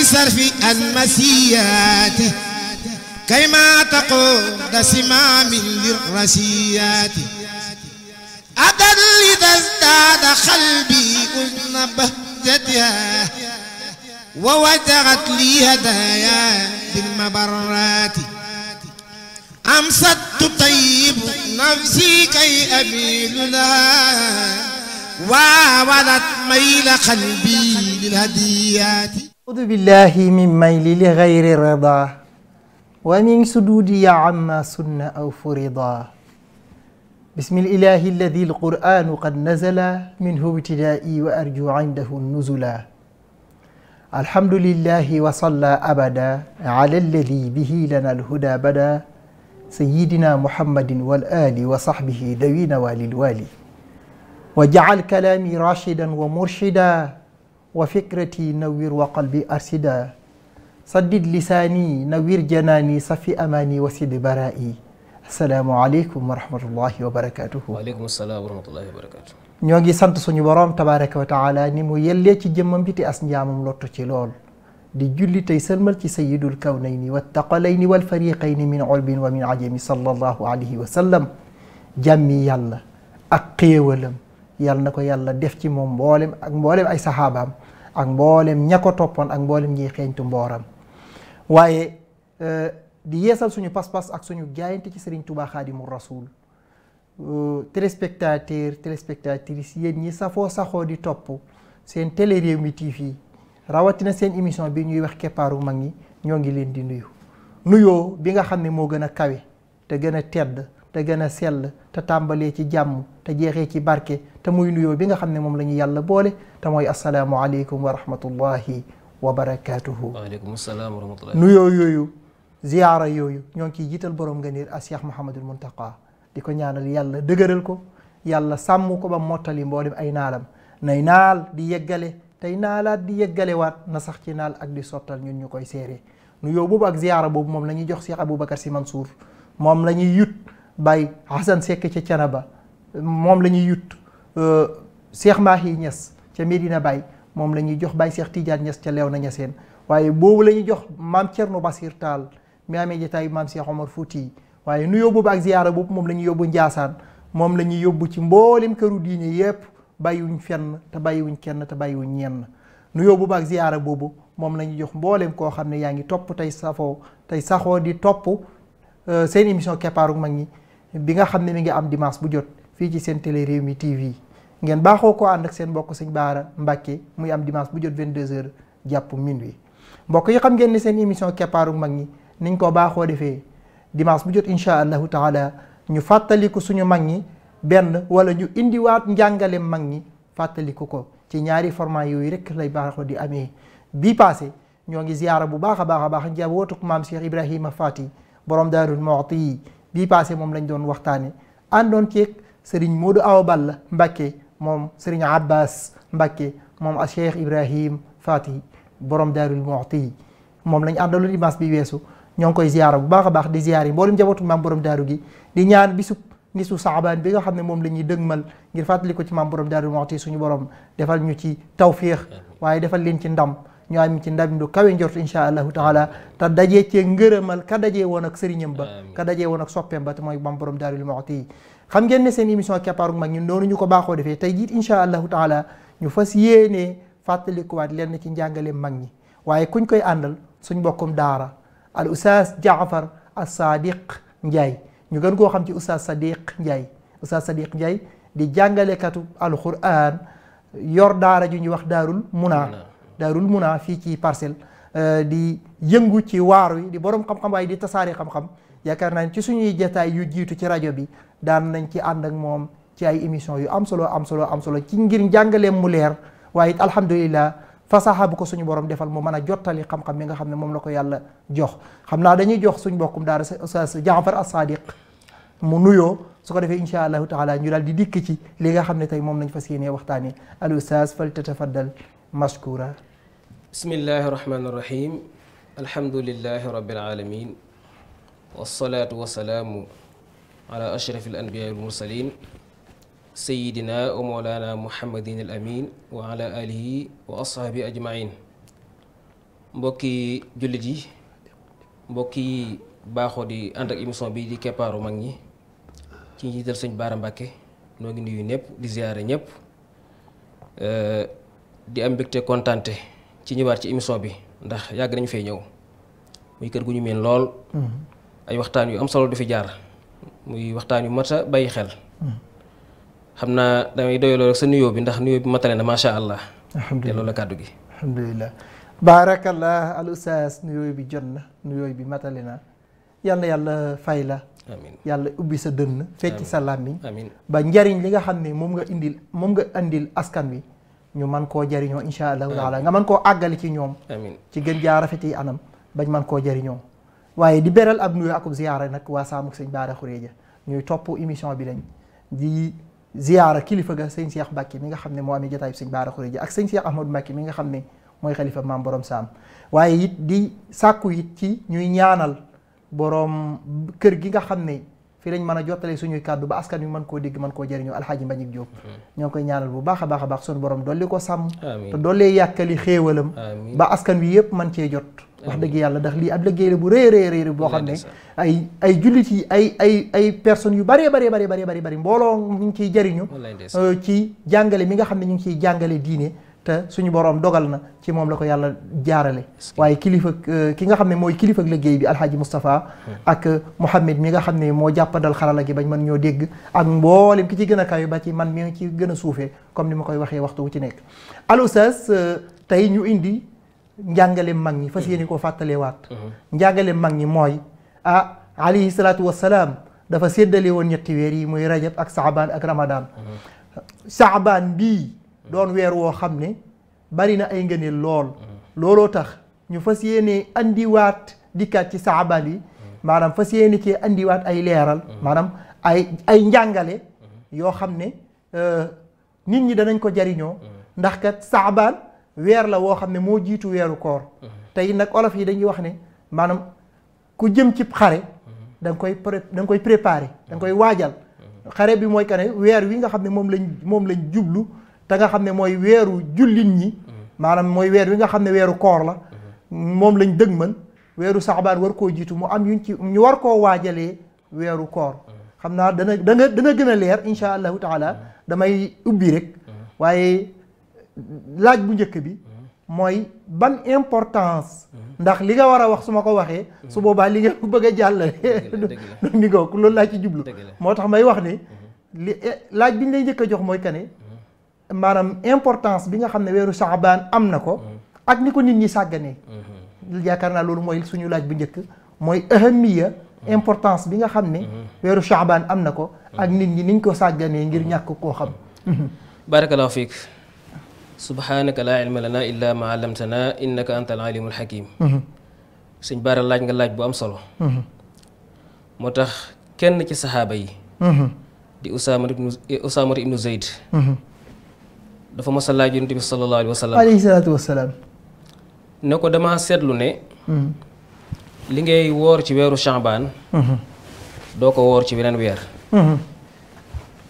بصرف المسيات كيما تقود سمام للرسيات أبدا إذا ازداد قلبي أذن بهجتها ووجغت لي هدايا بالمبرات أمست تطيب نفسي كي أميل لها وولت ميل قلبي للهديات أعوذ بالله من ميل لغير رضا ومن سدودي عما سن أو فرضا بسم الإله الذي القرآن قد نزل منه ابتدائي وأرجو عنده النزلا الحمد لله وصلى أبدا على الذي به لنا الهدى بدا سيدنا محمد والآل وصحبه ذوي نوال الوالي وجعل كلامي راشدا ومرشدا wa fikrati nawwir wa qalbi arsida saddid lisaani nawwir janaani safi amaani wasid baraa'i asalaamu aleykum wa rahmatullahi wa barakaatuhu. waaleykum salaam wa rahmatullahi wa barakaatuhu. ñoo ngi sant suñu boroom tabaaraka wa taala ni mu yellee ci jëmmam bi te as njaamam lottu ci lool di julli tey sëlmal ci sayyidul kawnayni wattaqalayni wal fariqayni min ulbin wa min ajami sallallahu alayhi wa sallam jàmmi yàlla ak xéewalam yàlla na ko yàlla def ci moom mboolem ak mboolem ay saxaabaam ak mboolem ña ko toppoon ak mboolem ñiy xeeñtu mbooram waaye euh, di yeesal suñu pas-pas ak suñu jaayante ci Serigne Touba Xaadimu Rasuul euh, téléspectateur téléspectatrice yéen ñi safoo saxoo di topp seen mi Rewmi TV rawatina seen émission bi ñuy wax keppaaru mag ñi ñoo ngi leen di nuyu nuyoo bi nga xam ne moo gën a kawi te gën a tedd te gën a sell te tàmbalee ci jàmm te jeexee ci barke te muy nuyoo bi nga xam ne moom la ñu yàlla boole te mooy asalaamu aleykum wa rahmatullahi wa barakaatuhu. waaleykum salaam wa rahmatullahi. nuyoo yooyu ziyaara yooyu ñoo ngi ciy jiital borom nga niir a Cheikh Mouhamadul Muntaqa di ko ñaanal yàlla dëgëral ko yàlla sàmm ko ba mottali mboolem ay naalam nay naal di yeggale tey naalaat di yeggalewaat na sax ci naal ak di sottal ñun ñu koy seere nuyoo boobu ak ziyaara boobu moom la ñuy jox Cheikh Aboubacar Sy Mansour moom la ñuy yut. bàyyi Hassan Seck ca ba moom la ñuy yutt euh, Cheikh Mahi Niass ca Medina Baye moom la ñuy jox Baye Cheikh Tidiane Niass ca Léona Niassène waaye boobu la ñuy jox maam Thierno Basir Tall mi amee jataay maam Cheikh Omar Fouti waaye nuyoo boobu ak ziyaara boobu moom la ñuy yóbbu Njaasaan moom la ñuy yóbbu ci mboolem këru diine yépp bàyyiwuñ fenn te bàyyiwuñ kenn te bàyyiwuñ nuyoo boobu ak ziyaara boobu moom la ñuy jox mboolem koo xam ne yaa ngi topp tey safoo tey saxoo di topp euh, seen émission keppaaru mag ñi bi nga xam ne mi ngi am dimanche bu jot fii ci seen télé réew mi TV ngeen baaxoo ko ànd ak seen bokk sëñ Baara Mbacke muy am dimanche bu jot 22h jàpp minuit mbokk yi xam ngeen ne seen émission keppaaru mag ñi ni niñ ko baaxoo defee dimanche bu jot incha allahu taala ñu fàttaliku suñu mag ñi benn wala ñu indiwaat njàngale mag ñi fàttaliku ko ci ñaari format yooyu rek lay baaxoo di amee bii passé ñoo ngi ziyaara bu baax a baax a baax njabootuk maam Cheikh Ibrahima Fati borom daarul moxti yi bii passé moom lañ doon waxtaane àndoon ceeg sëriñ Modou Awa Balla Mbacke moom sëriñ Abbas Mbacke moom a Cheikh Ibrahim Fatihi borom lu Daarul Muxti moom lañ àndaloon dimanche bi weesu ñoo ngi koy ziyaara bu baax a baax di ziyaar yi mboolem njabootu maam borom daaru gi di ñaan bisub ni su saabaan bi nga xam ne moom la ñuy dëgmal ngir fàttali ko ci maam borom daaru muxti suñu borom defal ñu ci tawfiix waaye defal leen ci ndam ñu am ci ndam lu kawe njort insha allahu taala te dajee cee ngërëmal ka daje woon ak sëriñam ba ka dajee woon ak soppeem ba te mooy bam borom daarul muxti ngeen ne seen émission keppaaru mag ñun noonu ñu ko baaxoo defee tey jiit insha allahu taala ñu fas yéenee waat lenn ci njàngaleem mag ñi waaye kuñ koy àndal suñ mbokkum daara al oustaz jaafar al sadiq Ndiaye ñu gën koo xam ci oustaz sadiq Ndiaye oustaz sadiq Ndiaye di jàngalekatu alquran yor daara ju ñuy wax daarul munaa mun munaa fii ci parcelle euh, di yëngu ci waar wi di borom xam-xam waaye di tasaari xam-xam yaakaar naa ci suñuy jataay yu jiitu ci rajo bi daan nañ ci ànd ak moom ci ay émission yu am solo am solo am solo ci ngir njàngaleem mu leer waaye alhamdulillah alhamdulilah fasaxa bu ko suñu borom defal mu mën a jottali xam-xam mi nga xam ne moom la ko yàlla jox xam naa dañuy jox suñ mbokkum daara sa Jaafar as-Sadiq mu nuyoo su ko defee incha allahu taala ñu daal di dikk ci li xam ne tey moom lañ fas yéenee waxtaanee al Oustaz fal tatafaddal mashkura bismillahi irrahmani irrahim alhamdulilahi rabilalamin walsalaatu wassalaamu ala ashraf al anbiya wal mursalin sayidina wa moolana muhammadin al amin alihi wa ashaabi ajmain mbokki jullit yi mbokki baaxoo di ànd ak bi di keppaaru mag ñi ci njiital sëñ Baara Mbàkke noo nuyu ñëpp di ziyaare ñëpp eh, di am mbégte kontante ci ñëwaat ci émission bi ndax yàgg nañu fay ñëw muy kër gu ñu meen lool. Mm-hmm. ay waxtaan yu am solo du fi jaar muy waxtaan yu mat a bàyyi xel. Mm-hmm. xam naa damay doyaloo rek sa nuyoo bi ndax nuyoo bi matale na macha allah. alhamdulilah te loolu la kàddu gi. alhamdulilah al ustaas nuyoo bi jot na nuyoo bi matale na yal na yàlla fay la. amiin yàlla ubbi sa dënn. fecc sa làmmiñ. ba njariñ li nga xam ne moom nga indil moom nga indil askan wi. ñu man koo jariñoo incha allahu taala nga man koo àggali ci ñoom ci gën jaa rafet yi anam bañ man koo jëriñoo waaye di beral ab nuyu akub ziyaara nag waa saamuk sëñ Baara Xuréja ñuy topp émission bi lañ di ziyaara kilifa ga sëñ Cheikh Mbacke mi nga xam ne moo amee jotaay bi sëñ Baara ak sëñ Cheikh Ahmadou Mbacke mi nga xam ne mooy xalifa maam borom saam waaye it di sàkku it ci ñuy ñaanal boroom kër gi nga xam ne fii lañ mën a jottalee suñuy kàddu ba askan wi mën koo dégg mën koo jëriñoo alxaaji Mbagnick Diop ñoo ngi koy ñaanal bu baax a baax a baax suñu borom dolli ko sàmm te dollee yàkkali xéewalam ba askan wi yëpp mën cee jot wax dëgg yàlla ndax lii ab liggéey la bu rëy rëy rëy boo xam ne ay ay jullit yi ay ay ay personnes yu bëree bëree bëree bari bëri mbooloo ñu ngi ciy soo euh, ci jàngale mi nga xam ne ñu ngi ciy jàngale diine te suñu boroom dogal na ci moom la ko yàlla jaarale waaye kilifa euh, ki nga xam ne mooy kilifa liggéey bi alxaaji Moustapha ak euh, Mouhamed mi nga xam ne moo jàppandal xarala gi bañ man ñoo dégg ak mboolem ki ci gën a kawe ba ci man mi ci gën a suufee comme ni ma koy waxee waxtu wu ci nekk Al Oustaz euh, tey ñu indi njàngale mag ñi fas yéene koo fàttalewaat mm-hmm. njàngale mag ñi mooy ah alayhi salaatu wassalaam dafa séddale woon ñetti weer yi muy rajab ak saabaan ak ramadaan mm-hmm. doon weer woo xam ne bari na ay ngëneel lool looloo tax ñu fas yéene andiwaat dikkaat ci saabaan yi maanaam fas yéene ci indiwaat ay leeral maanaam ay ay njàngale yoo xam ne euh, nit ñi danañ ko jariñoo ndax kat saabaan weer la woo xam ne moo jiitu weeru koor tey nag olof yi dañuy wax ne maanaam ku jëm ci xare da koy pré da koy préparé da koy waajal xare bi mooy que ne weer wi nga xam ne moom lañ moom lañ jublu te nga xam ne mooy weeru jullit ñi mm-hmm. maanaam mooy weer wi nga xam ne weeru koor la mm-hmm. moom lañ mën weeru saxbaan war koo jiitu mu am yuñ ci ñu war koo waajalee weeru koor mm-hmm. xam naa dana dana dana gën a leer insha allahu taala damay ubbi rek waaye laaj bu njëkk bi mooy ban importance ndax li nga war a wax su ma ko waxee su boobaa li nga bëgg a jàllale ni nga loolu laa ci jublu moo tax may wax ne li eh, laaj bi ñu lay njëkk a jox mooy kane maanaam importance bi nga xam ne weeru saabaan am na ko ak ni ko nit ñi sàgganee mhm. yaakaar naa loolu mooy suñu laaj bu njëkk mooy ahamiya mhm. importance bi nga xam ne mhm. weeru saabaan am na ko ak nit ñi niñ ko sàgganee ngir ñàkk koo xam barakallahu fiik subhanaka laa ilma lana illa ma allamtana innaka anta al alimul hakim suñ baara laaj nga laaj bu am solo moo tax kenn ci saxaaba yi di usaama ibnu usaama dafa mos a laaj yonent bi sallallahu alayhi salaatu wa ne ko dama seetlu ne. Hmm. li ngay woor ci weeru Sha'baan. Hmm. doo ko woor ci beneen weer. Hmm.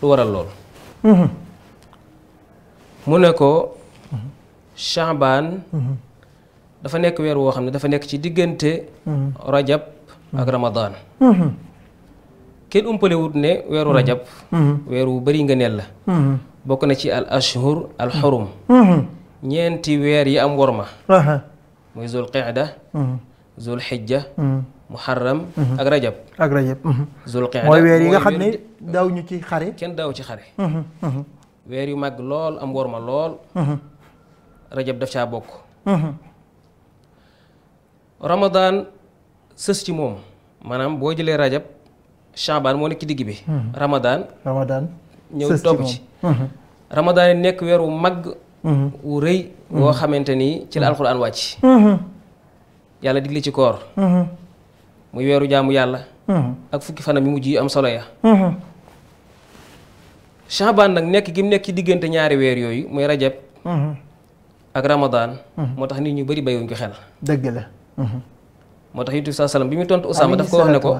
lu waral lool. mu ne ko. Sha'baan. dafa nekk weer woo xam ne dafa nekk ci diggante. rajab ak ramadaan. kenn umpalewut ne weeru rajab. weer wu bëri nga neel bokk na ci al ashhur al xurum mhm. ñeenti weer yi am worma muy zul qeeda mhm. zul xijja mhm. muharram ak rajab ak rajab zul qeeda mooy weer yi nga xam ne daaw ñu ci xare kenn daaw ci xare weer yu mag lool am worma lool rajab daf caa bokk ramadaan sës ci moom maanaam boo jëlee rajab shaabaan moo nekk ci digg bi ramadaan ñëw topp ci uh-huh. ramadaan yi nekk weer wu mag uh-huh. wu rëy uh-huh. woo xamante ni ci la alxuraan wàcc yàlla digle ci koor muy weeru jaamu yàlla ak fukki fanam yu ji yu am solo ya Shaabaan nag nekk gi mu nekk ci diggante ñaari weer yooyu muy rajab ak ramadaan moo tax nit ñu bari bàyyiwuñ ko xel moo tax yonent bi saa salaam bi mu tontu Usaama daf ko wax ne ko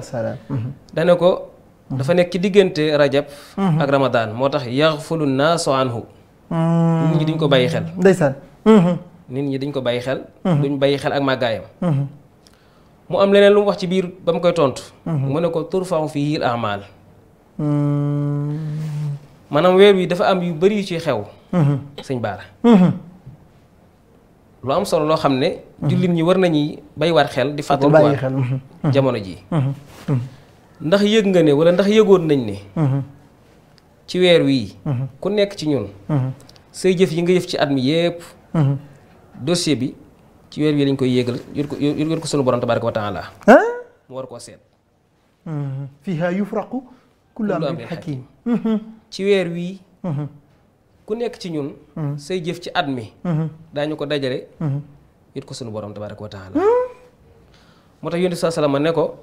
dane ko dafa nekk ci diggante rajab ak ramadaan moo tax yaxfulu naasu anhu hmm. nit ñi duñ ko bàyyi xel ndeysaan hmm. nit ñi dañ ko bàyyi xel hmm. duñ bàyyi xel ak màggaayam mu am leneen lu mu wax ci biir ba mu koy tontu mu ne ko turfaaw fi hiil amaal maanaam weer wi dafa am yu bari yu ci xew sëñ baara lu am solo loo xam ne jullit ñi war nañuy bàyyiwaat xel di fàttaliwaat jamono ji ndax yëg nga ne wala ndax yëgoon nañ ne mhm. ci weer wii mhm. ku nekk ci ñun mhm. say jëf yi nga jëf ci at mi yépp dossier bi ci weer wii lañ koy yéegal yor ko yor ko sunu borom tabaraka wa taala mu ci weer wii ku nekk ci ñun say ci at mi daañu ko dajale yor sunu borom tabaraka wa taala moo tax yonent saa salama ne ko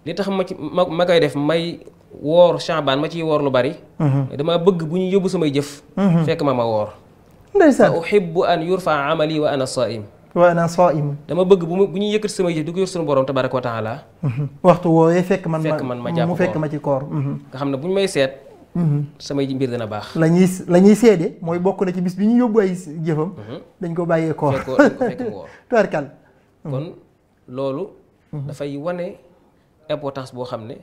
li tax ma ci ma ma koy def may woor Shaabaan ma ci woor lu bari. Mhm. dama bëgg bu ñu yóbbu samay jëf. Mhm. fekk ma ma woor. ndeysaan uhibbu an yurfa amali wa ana saim wa ana saim dama bëgg bu bu ñuy yëkkati samay jëf di ko yor suñu borom tabaraka wa taala. Mhm. waxtu woowee fekk ma fekk man ma jàpp mu fekk ma ci koor. nga xam ne bu ñu may seet. samay mbir dana baax. la ñuy la ñuy seede mooy bokk na ci bis bi ñu yóbbu ay jëfam. dañ ko bàyyee koor fekk ko fekk woor. tubarkal kon loolu. dafay wane. importance boo xam ne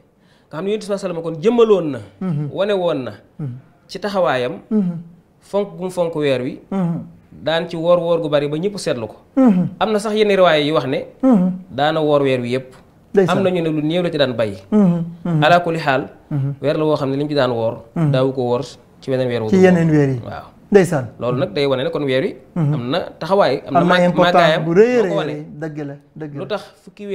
nga xam ne yonent bi sallam kon jëmmaloon na mhm. wane woon na mhm. ci taxawaayam mhm. fonk gu mu fonk weer wi daan ci woor woor gu bari ba ñëpp seetlu ko am na sax yenn riwaay yi wax ne daana woor weer wi yëpp am na ñu ne lu néew la ci daan bàyyi alaa kulli xaal weer la woo xam ne li mu ci daan woor daawu ko woor ci weneen weer wu ci yeneen loolu nag day wane ne kon weer wi am na taxawaay am na màggaayam bu rëy rëy dëgg lu tax fukki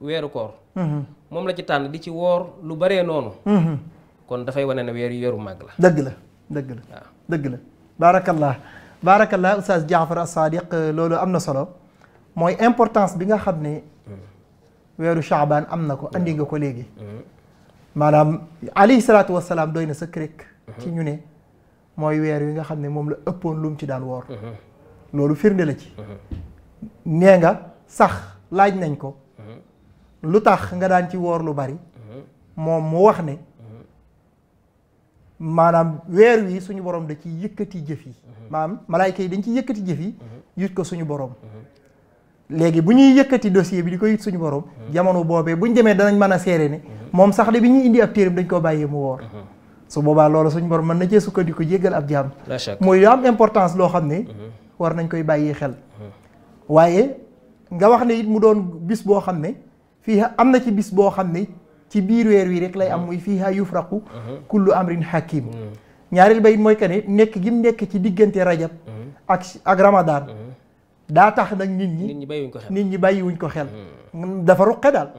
weeru koor mhm. moom la ci tànn di ci woor lu baree noonu mhm. kon dafay wane ne weer yu weeru màgg la dëgg la dëgg la waaw dëgg la baarakallah baarakallah oustaz Jaafar as euh, loolu am na solo mooy importance bi nga xam ne hmm. weeru Chaabaan am na ko andi nga ko léegi hmm. Hmm. maanaam alayhi salaatu wasalaam doy na sa rek ci ñu ne mooy weer wi nga xam ne moom la ëppoon lum ci daan woor loolu firnde la ci nee nga sax laaj nañ ko lu tax nga daan ci woor lu bari moom mu wax ne maanaam weer wi suñu borom da ci yëkkati jëf yi maam malaayka yi dañ ci yëkkati jëf yi yut ko suñu borom léegi bu ñuy yëkkati dossier bi di ko yit suñu borom jamono boobee bu ñu demee danañ mën a seere ne moom sax de bi ñuy indi ab téeram dañ ko bàyyee mu woor su boobaa loolu suñu borom mën na cee sukkandiku jéggal ab jaam mooy yu am importance loo xam ne war nañ koy bàyyi xel waaye nga wax n it mu doon bis boo xam ne fiiha am na ci bis boo xam ne ci biir weer wi rek lay am mm-hmm. muy fiiha yufraqu mm-hmm. kullu amrin hakim mm-hmm. ñaareel bayit mooy que ne nekk gi mu nekk ci diggante rajab ak ak ramadaan daa tax nag nit ñi nit ñi bàyyiwuñ ko xel mm, dafa ruqe daal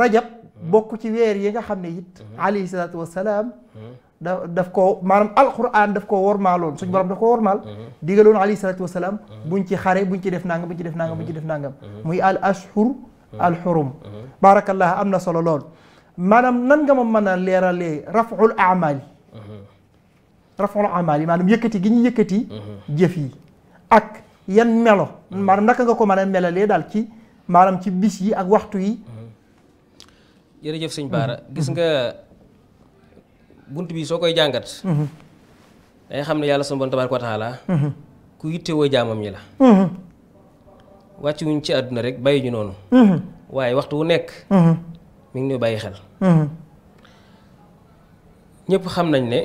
rajab bokk ci weer yi nga xam ne it alayhi salaatu wassalaam da daf ko maanaam alquran daf ko wormaaloon suñ borom daf ko wormaal digaloon alayhi salaatu wassalaam ci xare buñ ci def nangam buñ ci def nangam buñ ci def nangam al ashhur Uh-huh. alxurum uh-huh. baarakallah am na solo lool maanaam nan nga ma mën a leeralee raful amaal yi uh-huh. raful amaal yi maanaam yëkkati gi ñu yëkkati jëf yi ak yan melo maanaam naka nga ko mën a melalee daal ci maanaam ci bis yi ak waxtu yi jërëjëf sëñ Baara gis nga bunt bi soo koy jàngat day xam ne yàlla sunu bon tabaaraka wa taala ku yittewoo jaamam ñi la wàcc wuñ ci àdduna rek bàyyi ñu noonu. Mhm. waaye waxtu wu nekk. Mhm. mi ngi ñu bàyyi xel. Mhm. ñëpp xam nañ ne.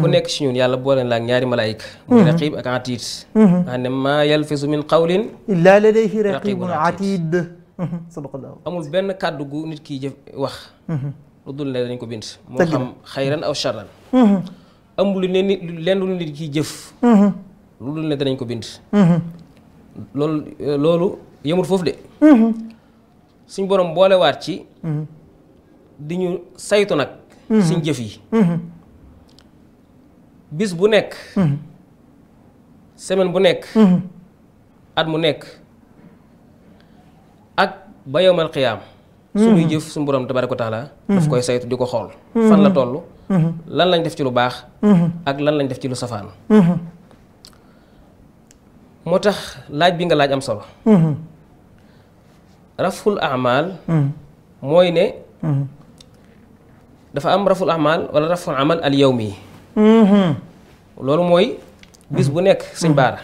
ku nekk ci ñun yàlla boole la ak ñaari malaayika. muy raqib ak atiid. nga ne maa yalfisu min qawlin. illaa amul benn kàddu gu nit ki jëf wax. lu dul ne dañ ko bind. moo xam xayran aw charran. amul lu lenn lu nit ki jëf. lu dul ne danañ ko bind. loolu euh, loolu yemul foofu de. Mm-hmm. suñ borom waat ci. Mm-hmm. di ñu saytu nag. Mm-hmm. suñ jëf yi. bis bu nekk. semaine bu nekk. at mu nekk ak ba yowmal xiyaam. suñuy jëf suñu borom tabaaraka wa taala daf koy saytu di ko xool. fan la toll. lan lañ def ci lu baax. ak lan lañ def ci lu safaan. moo tax laaj bi nga laaj am solo mm-hmm. raful amal mm-hmm. mooy ne mm-hmm. dafa am raful amal wala raful amal al loolu mooy bis bu nekk sëñ baara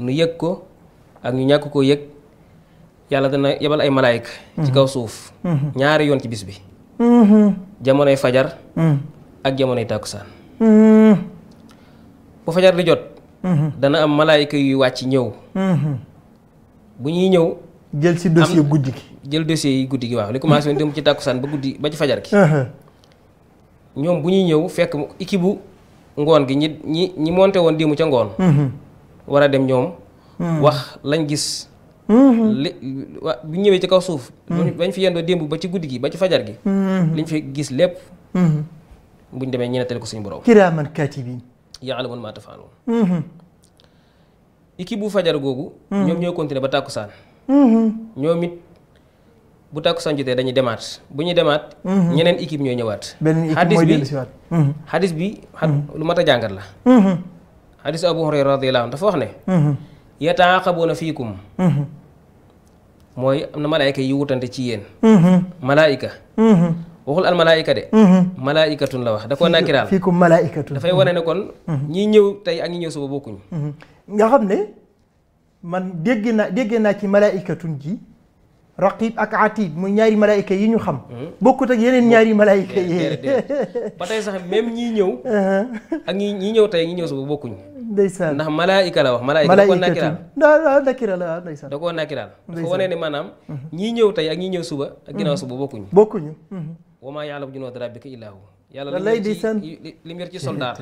nu yëg ko ak ñu ñàkk koo yëg yàlla dana yebal ay malaayika ci kaw suuf ñaari yoon ci bis bi jamonoy fajar ak jamonoy tàkkusaan bu fajar di jot Mm-hmm. dana am malaayika yuy wàcc ñëw. Mm-hmm. bu ñuy ñëw. jël si dossier guddi gi jël dossier yi guddi gi waaw li commencé woon dem ci tàkkusaan ba guddi ba ci fajar gi. Mm-hmm. ñoom bu ñuy ñëw fekk équipe bu ngoon gi ñi ñi ñi monté woon démb ca ngoon. war a dem ñoom. wax lañ gis. li bu ñëwee ci kaw suuf. bañ fi yendoo démb ba ci guddi gi ba ci fajar gi. liñ fi gis lépp. buñ demee ñu nettali ko suñu borom. yaalamuun maa tafaaluun mm-hmm. équipe bu fajar googu. Mm-hmm. ñoom ñoo continuer ba tàkkusaan mm-hmm. ñoom it bu tàkkusaan jotee dañuy demaat bu ñuy demaat. ñeneen équipe ñooy ñëwaat. beneen équipe mooy bi xadis bi lu mat a jàngat la. xadis Abu Hurayra radiyallahu anhu dafa wax ne. yataaqabuuna fiikum. mooy am na malaayika yi wutante ci yéen. malaayika. waxul al malaayika de mhm. malaayikatun la wax da koo nakiraal fiikum malaayikatun dafay wane ne kon mhm. ñi ñëw tey ak ñi ñëw suba bokkuñu mhm. nga ne man dégg naa dégg naa ci malaayikatun ji raqib yi ñu xam bokkut ak yeneen yi ba tey sax même ñii ñëw uh-huh. ak ñi ñii ñëw tey ñi ñëw suba bokkuñu ndeysaan ndax malaayika la wax malaayika da nakiraal da nakira la waaw ndeysaan da koo nakiraal dafa wane ne maanaam ñii ñëw tey ak ñii ñëw suba ak ginnaaw suba bokkuñu bokkuñu wa maa yaalamu junuuda rabbika illaa hu yàlla lay di sant li mu yor ci soldaar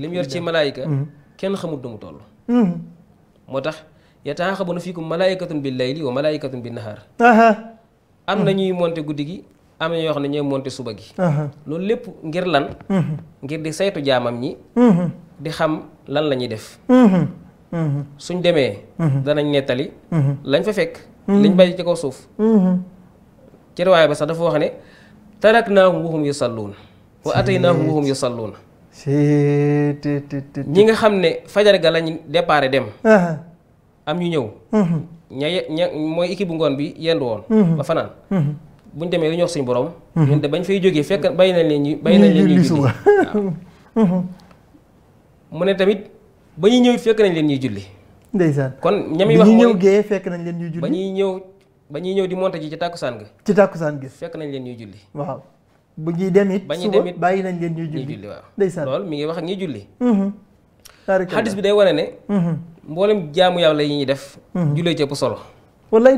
li mu yor ci malaayika kenn xamul du mu toll moo tax yataaxabuna fiikum malaayikatun bil layli wa malaayikatun bin nahaar am hmm. na ñuy monte guddi gi am na ñoo xam ne ñooy monte suba gi loolu lépp ngir lan hmm. ngir hmm. la ñuy def suñ demee danañ nettali lañ fa fekk liñ bàyyi ci kaw suuf ci riwaaya ba sax dafa wax ne taraknaahum wahum yusalluun wa ataynaahum wahum yusalluun ñi nga xam ne fajar ga lañ déparé dem am ñu ñëw mhm. ña ña mooy équipe bu ngoon bi yendu woon mhm. ba fanaan mhm. buñ demee lu ñu wax suñu ñun de bañ fekk bàyyi nañ leen ñu bàyyi mu ne tamit ba ñuy ñëw fekk nañ leen ñuy julli ndeysaan kon ñami wax ñëw gee fekk nañ leen ñuy julli ba ñuy ñëw ba ñuy ñëw di monté ji ci tàkkusaan gi ci tàkkusaan gi fekk nañ leen ñuy julli waaw bu ñuy dem it suba bàyyi nañ leen ñuy julli waaw ndeysaan loolu mi ngi wax ak ñuy julli mm-hmm. xadis bi day wane ne mm-hmm. mboolem jaamu yàlla yi ñuy def mm-hmm. jullee ci ëpp solo wallaay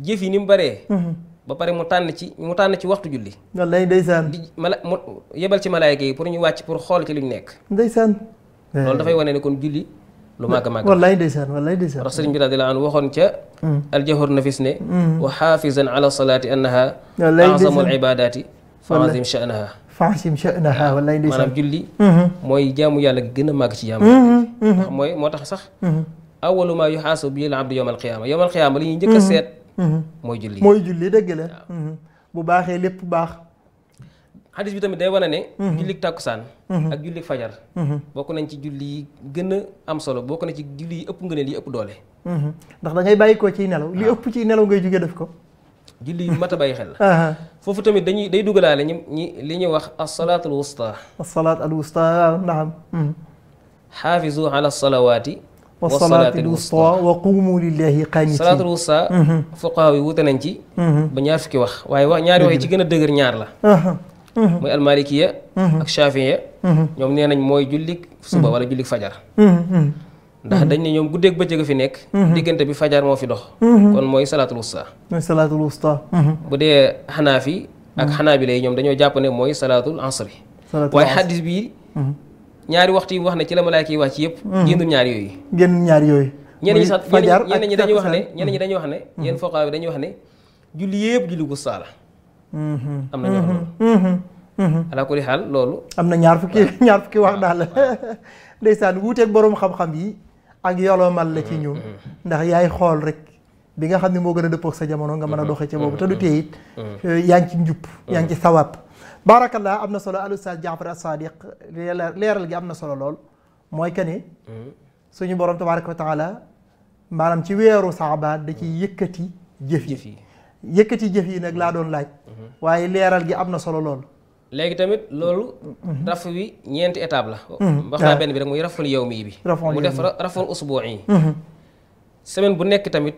yi ni ba pare mu tànn ci mu tànn ci waxtu julli wallaay ndeysaan di mala mu yebal ci malaayka yi pour ñu wàcc pour xool ci lu ñu nekk ndeysaan loolu dafay wane ne kon julli lu màgg a màgg a ndeysaan wallaay ndeysaan ndax sëriñ bi radiyallahu anhu waxoon ca mm. aljawhar nafis ne mm. wa xaafizan ala salaati annaha azamu al ibadaati fa azim sha'naha faasim sha'naha ah, wallaay ndeysaan maanaam julli mm-hmm. mooy jaamu yàlla gi gën a màgg ci jaamu mm-hmm. Mm-hmm. ndax mooy moo tax sax awalu maa yuxaasabu bihi al abdu yowma alqiyaama yowma alqiyaama li njëkk a seet mooy julli mooy bu baaxee lépp baax xadis bi tamit day wane ne mhm. jullik tàkkusaan mhm. ak jullik mhm. ci julli yi gën a am solo bokk na ci julli yi ëpp ngëneel yi ëpp doole ndax da ngay ko ciy nelaw li ah. ëpp ciy nelaw ngay jóge def ko julli yu mat a bàyyi xel la foofu tamit dañuy day dugalaale ñi ñi li ñuy wax asalaat al wusta asalaat al wusta naam xaafizu ala salawaati wa salaatil wusta wa quumu lillahi qaanitiin salaatul wusta fuqaaw yi wute nañ ci ba ñaar fukki wax waaye wax ñaari wax yi ci gën a dëgër ñaar la Mm-hmm. muy almalikiya mm-hmm. ak shafiya mm-hmm. ñoom nee nañ mooy jullik suba wala jullik fajar ndax dañ ne ñoom guddeeg bëccëg a fi nekk diggante bi fajar moo fi dox kon mooy salaatul wusta mooy salaatul wusta bu dee xanaafi ak bi yi ñoom dañoo jàpp ne mooy salaatul asri waaye xaddis bii ñaari waxtu yi wax ne ci la malaayka yi wax ci yëpp génnul ñaari yooyu génnul ñaari yooyu ñenn ñi sax ñenn ñi dañuy wax ne ñenn ñi dañuy wax ne yéen foqaa bi dañuy wax ne julli yëpp julli wusta la am na ñoo xam ne. ala kulli loolu. am na ñaar fukki ñaar fukki wax daal ndeysaan wuuteeg borom xam-xam yi ak yolomal la ci ñoom. Mm-hmm. ndax yaay xool rek bi nga xam ne moo gën a dëppoo sa jamono nga mën a mm-hmm. doxee ci boobu mm-hmm. te du tee euh, yaa ngi ci njub yaa ngi ci sawaab. baarakallah am na solo al ustaz Jaafar as-Sadiq leeral gi am na solo lool mooy que ni. suñu borom tabaaraka wa taala maanaam ci weeru saabaan da ciy yëkkati jëf yi. yëkkati jëf yi nag laa mm-hmm. doon laaj. Mm-hmm. waaye leeral gi am na solo lool. léegi tamit loolu. Mm-hmm. raf wi ñeenti étape la. wax naa benn bi rek muy raful yow mii bi. mu def raful usbuu bu nekk tamit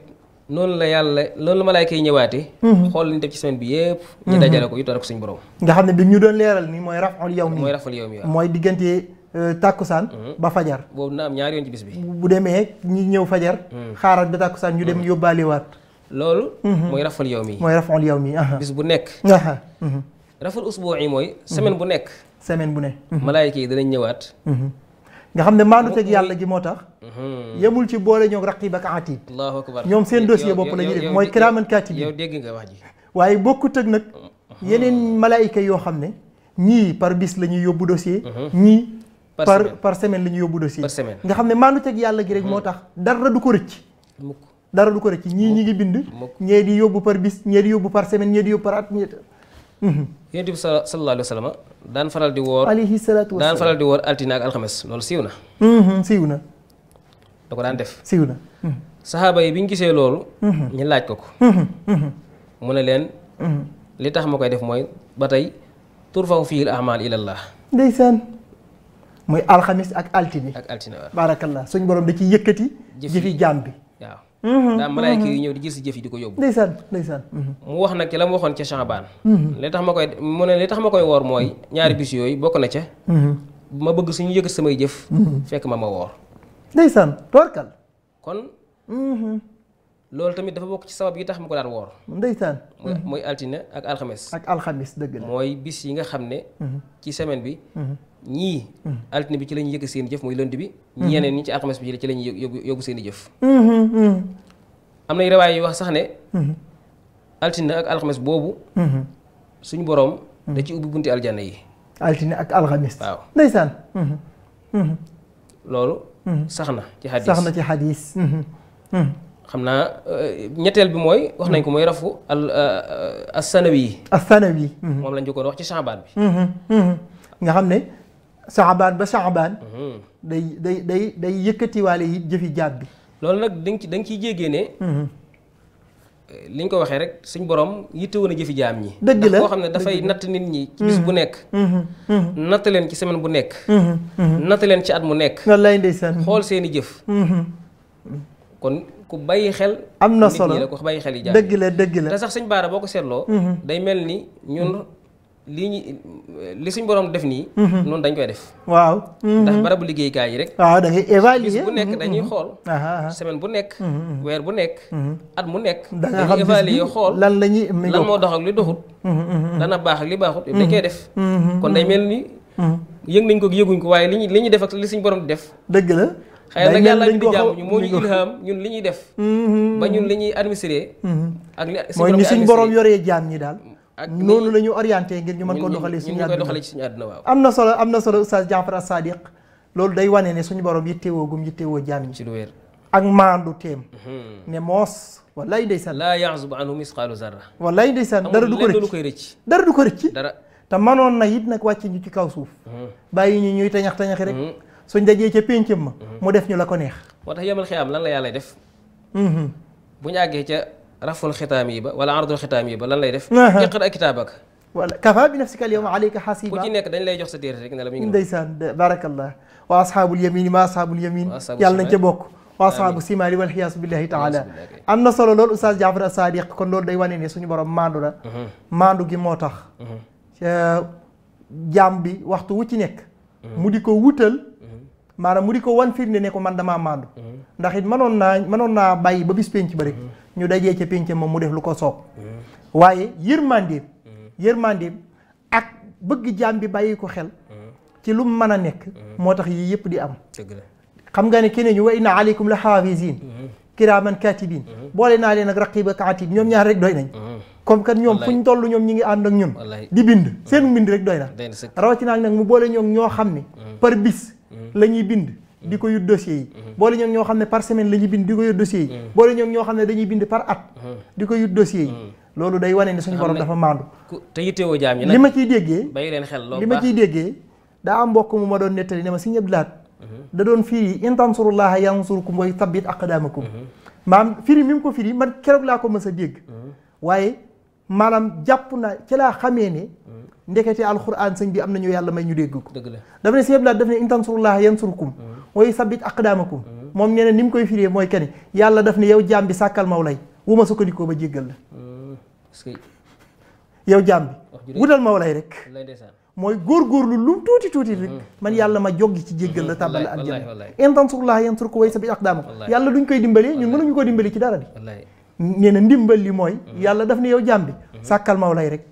noonu la yàlla loolu la malaayka yi ñëwaatee. xool li ñu def ci semaine bi ko yutale ko suñu borom. nga xam ne bi ñu doon leeral nii mooy raful yow mii. mooy raful yow mii na am ñaari yoon ci bis bi bu demee ñi ñëw fajar mm. xaaral ba tàkkusaan ñu dem mm. yóbbaaliwaat loolu mhm. mooy rafal yow mi mooy rafal yow mi bis bu nekk mhm. rafal usbuu yi mooy semaine bu nekk semaine bu ne mhm. malaayika yi danañ ñëwaat nga xam ne maandu teg yàlla gi moo tax yemul ci boole ñoom raqib ak atid allahu akbar ñoom seen dossier bopp la mooy kiraaman kaatib yow dégg nga wax ji waaye bokkut ak nag yeneen malaayika yoo xam ne ñii par bis la ñuy yóbbu dossier ñii par par semaine la ñuy yóbbu dossier par semaine nga xam ne maandu teg yàlla gi rek moo tax dara du ko rëcc dara du ko rëcc ñii ñi ngi bind ñee di yóbbu par bis ñee di yóbbu par semaine ñee di yóbbu par at ñee yonent bi sallallahu daan faral di woor alayhi salaatu wa di woor altine ak alxames loolu siiw na mm-hmm, siiw na da ko daan def siiw na mm-hmm. saxaaba yi bi gisee loolu mm-hmm. ñu laaj ko ko mu ne leen li tax ma koy def mooy ba tey turfaw fiil amal ilallah ndeysaan mooy alxames ak altine ak altine waaw baarakallah suñ borom da ciy yëkkati jëfi jaam bi Mm-hmm. daa malaayka mm-hmm. yi ñëw di gis jëf yi di ko yóbbu ndeysaan ndeysaan mm-hmm. mu wax nag ci la mu waxoon ca Chaabaan li tax ma koy mu ne li tax ma koy woor mooy ñaari bis yooyu bokk na ca ma bëgg suñu yëkkat samay jëf fekk ma ma woor ndeysaan toorkal kon loolu tamit dafa bokk ci sabab yi tax mu ko daan woor ndeysaan mooy altine ak alxames ak alxames dëgg la mooy bis yi nga xam ne ci semaine bi ñii mm. altine bi ci lañu yëg seen jëf mooy lënd bi mm-hmm. ñeneen ñi ci alxames bi ci lañu yóbbu yóbbu seen i jëf mm-hmm. Mm-hmm. am nay rewaay yu wax sax ne altine ak alxames boobu suñu boroom da ci ubbi bunti aljanna yi altine ak alxames waaw ndeysaan loolu sax na ci xadis sax na ci xadis xam naa euh, ñetteel bi mooy wax nañ ko mooy rafu al euh, euh, asanawi asanawi moom lañ jëkkoon wax ci saabaan bi nga xam ne saabaan ba saabaan mhm. day day day day yëkkatiwaale yi jëfi jaab bi loolu nag dañ ci dañ ciy jéggee ne mhm. eh, li ñu ko waxee rek suñ borom yitte woon a jëfi jaam ñi dëgg la koo xam ne dafay natt nit ñi ci bis mhm. bu nekk natt leen ci semaine bu nekk natt leen ci at mu nekk wallaay ndeysaan xool seeni jëf kon ku bàyyi am na solo nit ñi la xel yi jaam dëgg la dëgg sax suñ baara boo ko seetloo day mel ni ñun lii ñu li suñ borom def nii. Mhm. noonu dañ koy def. waaw. ndax mhm. barabu liggéeykaay yi rek. waaw da ngay évaluer bis bu nekk mhm, dañuy xool. semaine bu nekk. weer bu nekk. at mu nekk. da nga xam la ñuy lan moo dox ak li doxut. dana baax ak li baaxut. dañ koy def. kon day mel ni. yëg nañ ko yëguñ ko waaye li ñuy li ñuy def ak li suñ borom di def. dëgg la. xëy nag yàlla mi di jàmm ñu moo ñu ilham ñun li ñuy def. ba ñun li ñuy administrer. ak li mooy ni suñ borom ñi daal. noonu la ñu orienté ngir ñu mën ko doxalee suñu àdduna waaw am na solo am na solo oustaz Jaafar as-Sadiq loolu day wane ne suñu borom yittewoo gum yittewoo jaam ñi ci ak maandu téem mhm. ne moos wallaay ndeysaan laa dara du ko rëcc dara du ko rëcc dara te manoon na it nag wàcc ñu ci kaw suuf mhm. bàyyi ñu ñuy tañax tañaxi rek mhm. suñ dajee ca péncam ma mu def ñu la ko neex moo tax yemal xiyaam lan la yàlla def bu ñu àggee ca raful xitaam yi ba wala ardul xitaam yi ba lan lay def iqra kitaabaka wala kafa bi nafsika al yawma xasiba ku nekk dañ lay jox sa téere rek ne la mi ngi ndeysaan barakallah wa ashaabul yamin ma ashaabul yamin yàlla nañ ca bokk wa ashaabu simaali wal xiyaasu billahi taala am na solo loolu oustaz Jaafar Sadiq kon lool day wane ne suñu borom maandu la mhm. maandu gi moo tax mhm. jaam bi waxtu wu ci nekk mhm. mu di ko wutal maanaam mu di ko wan firnde ne ko man damaa màndu mm-hmm. ndax it naa mënoon naa bàyyi ba bis penc ba rek mm-hmm. ñu dajee ca penc moom mu def lu ko soob mm-hmm. waaye yërmandeem yërmandeem ak bëgg jaam bi bàyyi ko xel ci lu mën a nekk moo tax yii yëpp di am xam nga ne keneen ñu wa inna aleykum la xaafisin kiraaman katibin boole naa leen ak raqib ak atib ñoom ñaar rek doy nañ comme que ñoom fu ñu toll ñoom ñi ngi ànd ak ñun di bind seen bind rek doy na rawatina ñoo xam la ñuy bind di ko yor dossier yi mm-hmm. boole ñoom ñoo xam ne par semaine la ñuy bind di ko yor dossier yi mm-hmm. boole ñoom ñoo xam ne dañuy bind par at mm-hmm. di ko yor dossier yi loolu day wane ne suñu borom dafa maandu te yittewoo jaam ñi nag li ma ciy déggee bàyyi leen xel loolu li ma ciy déggee daa am mbokk mu ma doon nettali ne ma Sëriñ Abdou laat da doon firi in tansurullaha yansurkum wa yuthabbit aqdamakum maam firi mi mu ko firi man keroog laa ko mës a dégg waaye maanaam jàpp na ci laa xamee ni ndekete alquran sëñ bi am nañu yàlla may ñu dégg ko dafa ne sieblaat daf ne in tansurullah yansurkum mm. wa yusabbit aqdamakum mm. moom nee na ni mu koy firee mooy kene yàlla daf ne yow jaam bi sàkkal mawlay wu ma sukkandikoo ba jéggal la mm. yow jaam bi wutal mawlay rek mooy góorgóorlu lu tuuti tuuti rek man yàlla ma joggi ci jéggal la mm-hmm. tàbbal la aljanna in tansurullah yansurku wa yusabbit aqdamakum yàlla duñ koy dimbalee ñun mënuñu ko dimbali ci dara di nee dimbal li mooy mm-hmm. yàlla daf ne yow jàmbi mm-hmm. sàkkal maw lay rek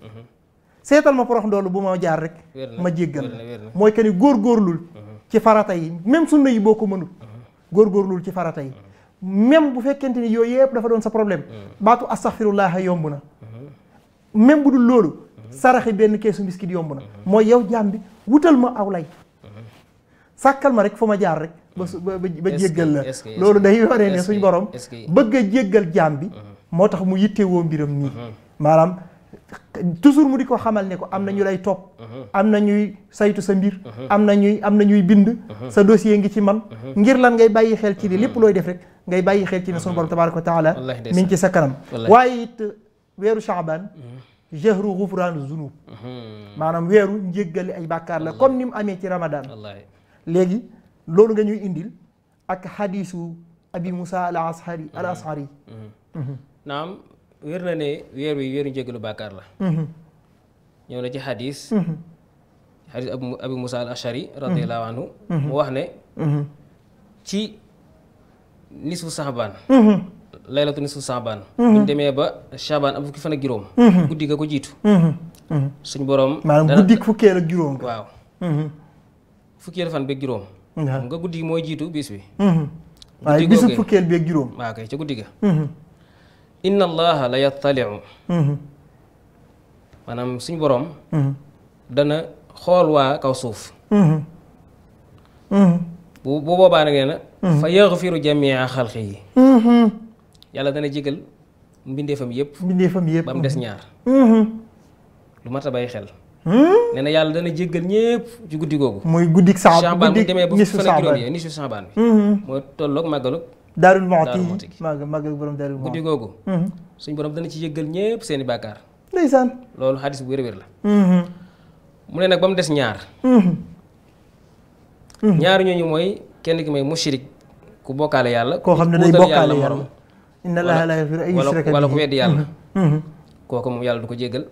seetal ma porox ndoolu bu ma jaar rek ma jéggal mooy que góor góorgóorlul mhm. ci farata yi même sunna yi boo ko mënul mhm. góorgóorlul ci farata yi mhm. même bu fekkente ni yooyu yëpp dafa doon sa problème baatu astaxfirullah yomb na même bu dul loolu saraxi benn keesu mbiskit yomb na mooy yow jaam bi wutal ma aw lay sàkkal ma rek fu ma jaar rek ba su ba ba jéggal la loolu day waree ne suñ borom bëgg a jéggal jaam bi moo tax mu yittewoo mbiram nii maanaam toujours mu di ko xamal ne ko am na ñu lay topp am na ñuy saytu sa mbir am na ñuy am na ñuy bind sa dossier ngi ci man ngir lan ngay bàyyi xel ci ni lépp looy def rek ngay bàyyi xel ci ne sunu borom tabaraka wa taala mi ngi ci sa kanam waaye it weeru Shaaban jahru gufraan zunub maanaam weeru njéggali ay bàkkaar la comme ni mu amee ci Ramadan léegi loolu nga ñuy indil ak xadiisu abi Moussa al Ashari al Ashari wér na ne weer wi weeru njéggalu bàkkaar la mhm. ñëw na ci xadis mhm. xadis abu musa al ashari radiallahu anhu mhm. mu wax ne ci nisfu saxbaan laylatu nisfu saxbaan buñ demee ba saxbaan am fukki fan ak juróom guddi ga ko jiitu suñ boroom maanaam guddi fukkeel ak juróom juróom nga guddi mooy jiitu bis bi waaye bisu fukkeel beeg juróom waaw kay ca guddi ga inna allaha la yattaliu mm-hmm. maanaam suñu boroom mm-hmm. dana xool waa kaw suuf mm-hmm. bu bu boobaa nag nee na fa yaxfiru jamia xalqi yi yàlla dana jégal mbindeefam yëpp mbindeefam yëpp ba mu des ñaar lu mat xel nee na yàlla dana jéggal ñëpp ci guddi googu mooy guddi saabaan bu demee ba fukki fan ak juróom yi nisu saabaan bi mooy tolloog màggalug daarul mooti maag maag ak borom daarul guddi googu mhm. suñ borom dana ci yëggal ñëpp seeni i bàkkaar ndeysaan loolu xadis bu wér-wér la mhm. mu ne nag ba mu des ñaar mhm. ñaar ñooñu mooy kenn ki may mushrik ku bokkaale yàlla koo xam ne day yàlla du ko jéggal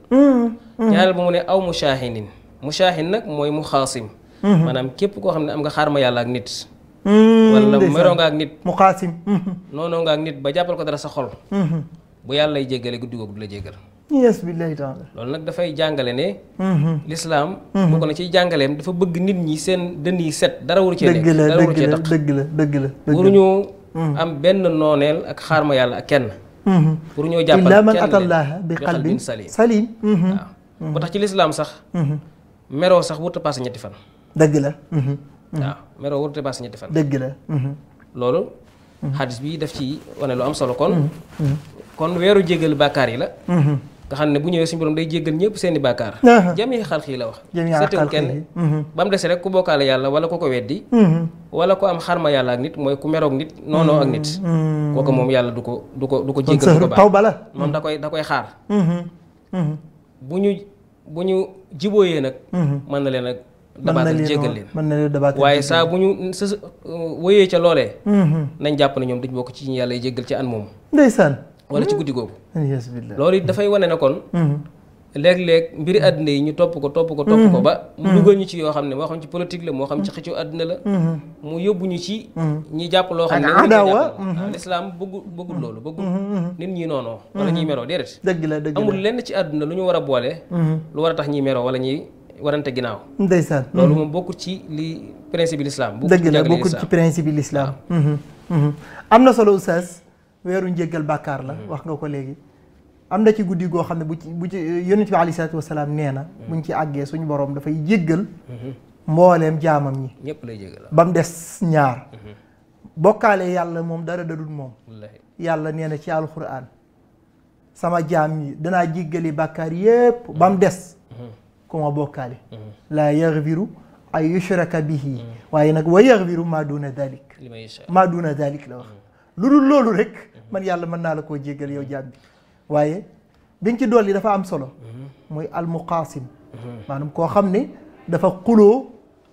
ñaareel ba mu ne aw mushahinin mushahin nag mooy mu xaasim maanaam képp koo xam ne am nga xaar ma yàlla ak nit Hmm, wala meroo nga ak nit mu xaasim hmm, hmm. noonoo nga ak nit ba jàppal ko dara sa xol bu yàlla lay jéggale guddi googu du la jéggal yes billahi loolu nag dafay jàngale ne lislaam bokk na ci jàngaleem dafa bëgg nit ñi seen dënn yi set dara waru cee nekk dara waru cee dëgg la dëgg la waruñu am benn nooneel ak xaarma yàlla ak kenn waruñoo jàppal illa man atallaha bi qalbin salim ci lislaam sax meroo sax wurta passé ñetti fan dëgg la waaw mm-hmm. ah, meroo warut a paase ñetti fan. dëgg la. Mm-hmm. loolu. xadis bi daf ci wane lu am solo kon. Mm-hmm. kon weeru jégal bàkkaar yi la. nga xam ne bu ñëwee suñu borom day jéggal ñëpp seeni bàkkaar uh-huh. jami xalq yi la wax seetewul kenn ba mu des rek ku bokkaale yàlla wala ku ko weddi wala ku am xarma yàlla ak nit mooy ku meroog nit noonoo ak nit kooku moom yàlla du ko du ko du ko jéggal du ko baax moom da koy da koy xaar bu ñu bu ñu jibooyee nag mën na leen dabaatal jégal leen mën na leen dabaatal waaye saa bu ñu sa uh, wëyee ca loolee mm-hmm. nañ jàpp ne ñoom dañ bokk ci ñu yàlla jégal ci an moomu ndeysaan wala ci mm-hmm. guddi googu loolu it dafay wane ne kon mm-hmm. léeg-léeg mbiri àddina yi ñu topp ko topp ko topp ko ba mu dugal ñu ci yoo xam ne moo xam ci politique la moo xam ci xëccoo àddina la mu yóbbu ñu ci ñi jàpp loo xam ne adawa lislaam bëggu bëggul loolu bëggul nit ñi noonoo wala ñuy meroo déedéet dëgg la dëgg la amul lenn ci àdduna lu ñu war a boole lu war warante ginnaaw. ndeysaan loolu moom bokkut ci li principe l'islam. dëgg la bokkut ci principe l'islam. Mhm, mhm. am na solo oustaz weeru njéggal bàkkaar la mhm. wax nga ko léegi. am na ci guddi goo xam ne bu ci bu ci yonent bi alayhi salaatu wasalaam nee na. buñ ci àggee suñ borom dafay jéggal. mbooleem jaamam ñi. ñëpp lay jéggal ba mu des ñaar. bokkaale yàlla moom dara dadul moom. yàlla nee na ci alxuraan. sama jaam ñi danaa jéggali bàkkaar yépp ba mu des. kuma bokkaale mm. laa yaxfiru ay yushraka bihi mm. waaye nag wa yaxfiru maa duna dalik maa duna dalik la wax mm. lu dul loolu rek mm-hmm. man yàlla mën naa la koo jéggal yo jaam bi waaye biñ dool dolli dafa am solo muy mm-hmm. almuqaasim mm-hmm. maanaam koo xam ne dafa xuloo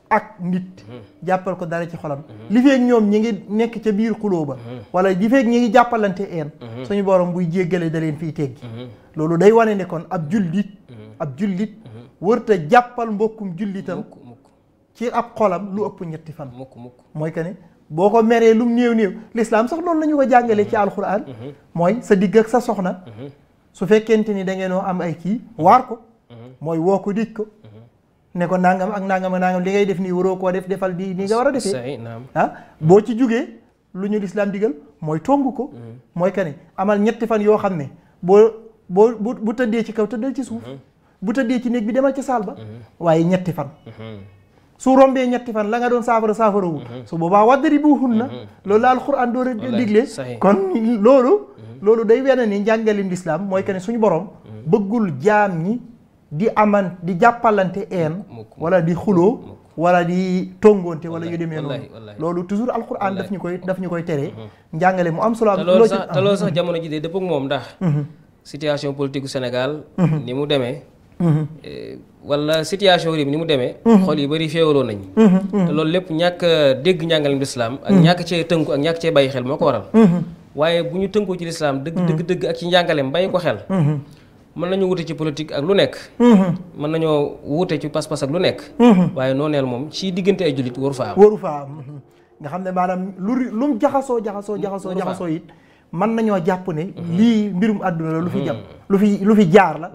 ak nit jàppal ko dara ci xolam li feek ñoom ñi nekk ca biir xuloo ba wala li feek ñi ngi jàppalante een suñu borom buy jéggale da leen teggi loolu day wane ne kon ab jullit ab wërta jàppal mbokkum jullitam ci ab xolam lu ëpp ñetti fan mooy que ni boo ko meree lum néew néew lislaam sax loolu la ñu ko jàngalee ci alxuraan mm-hmm. Mm-hmm. mooy sa digg ak sa soxna mm-hmm. su fekkente ni da ngeenoo am ay kii waar ko mooy woo ko dikk ko ne ko nangam ak nangam ak nangam li ngay def nii waroo koo def defal di nii nga war a defee ah boo ci jugee lu ñu lislaam digal mooy tong ko mooy que amal ñetti fan yoo xam ne boo boo bu tëddee ci kaw tëddal ci suuf bu tëddee ci néeg bi demal ci saal ba mhm. waaye ñetti fan mhm. su rombee ñetti fan la nga doon saafara saafara wu mhm. su boobaa waddari bu hun na loolu la alxuraan door a digle kon loolu loolu day wenn ni njàngalim lislaam mooy que ne suñu borom bëggul jaam ñi di aman di jàppalante een wala di xuloo wala di tongoonte wala yu demee noonu loolu toujours alxuraan daf ñu koy daf ñu koy tere njàngale mu am solo am loolu sax te loolu sax jamono ji de dëpp ak moom ndax situation ni mu demee Eh, wala situation réew ni mu demee mhm. xol yu bëri féewaloo nañ mhm, mhm. te loolu lépp ñàkk a dégg njàngalem lislaam ak ñàkk cee tënku ak ñàkk cee bàyyi xel moo ko waral waaye bu ñu tënkoo ci lislaam dëgg dëgg dëgg ak ci njàngalem bàyyi ko xel mën nañu wute ci politique ak lu nekk mën nañoo wute ci pas-pas ak lu nekk waaye nooneel moom ci diggante ay jullit waru fa am waru fa am nga xam ne maanaam lu lu mu jaxasoo jaxasoo jaxasoo jaxasoo mën nañoo jàpp ne mhm. lii mbirum àdduna la lu fi jàpp mhm. lu fi lu fi jaar la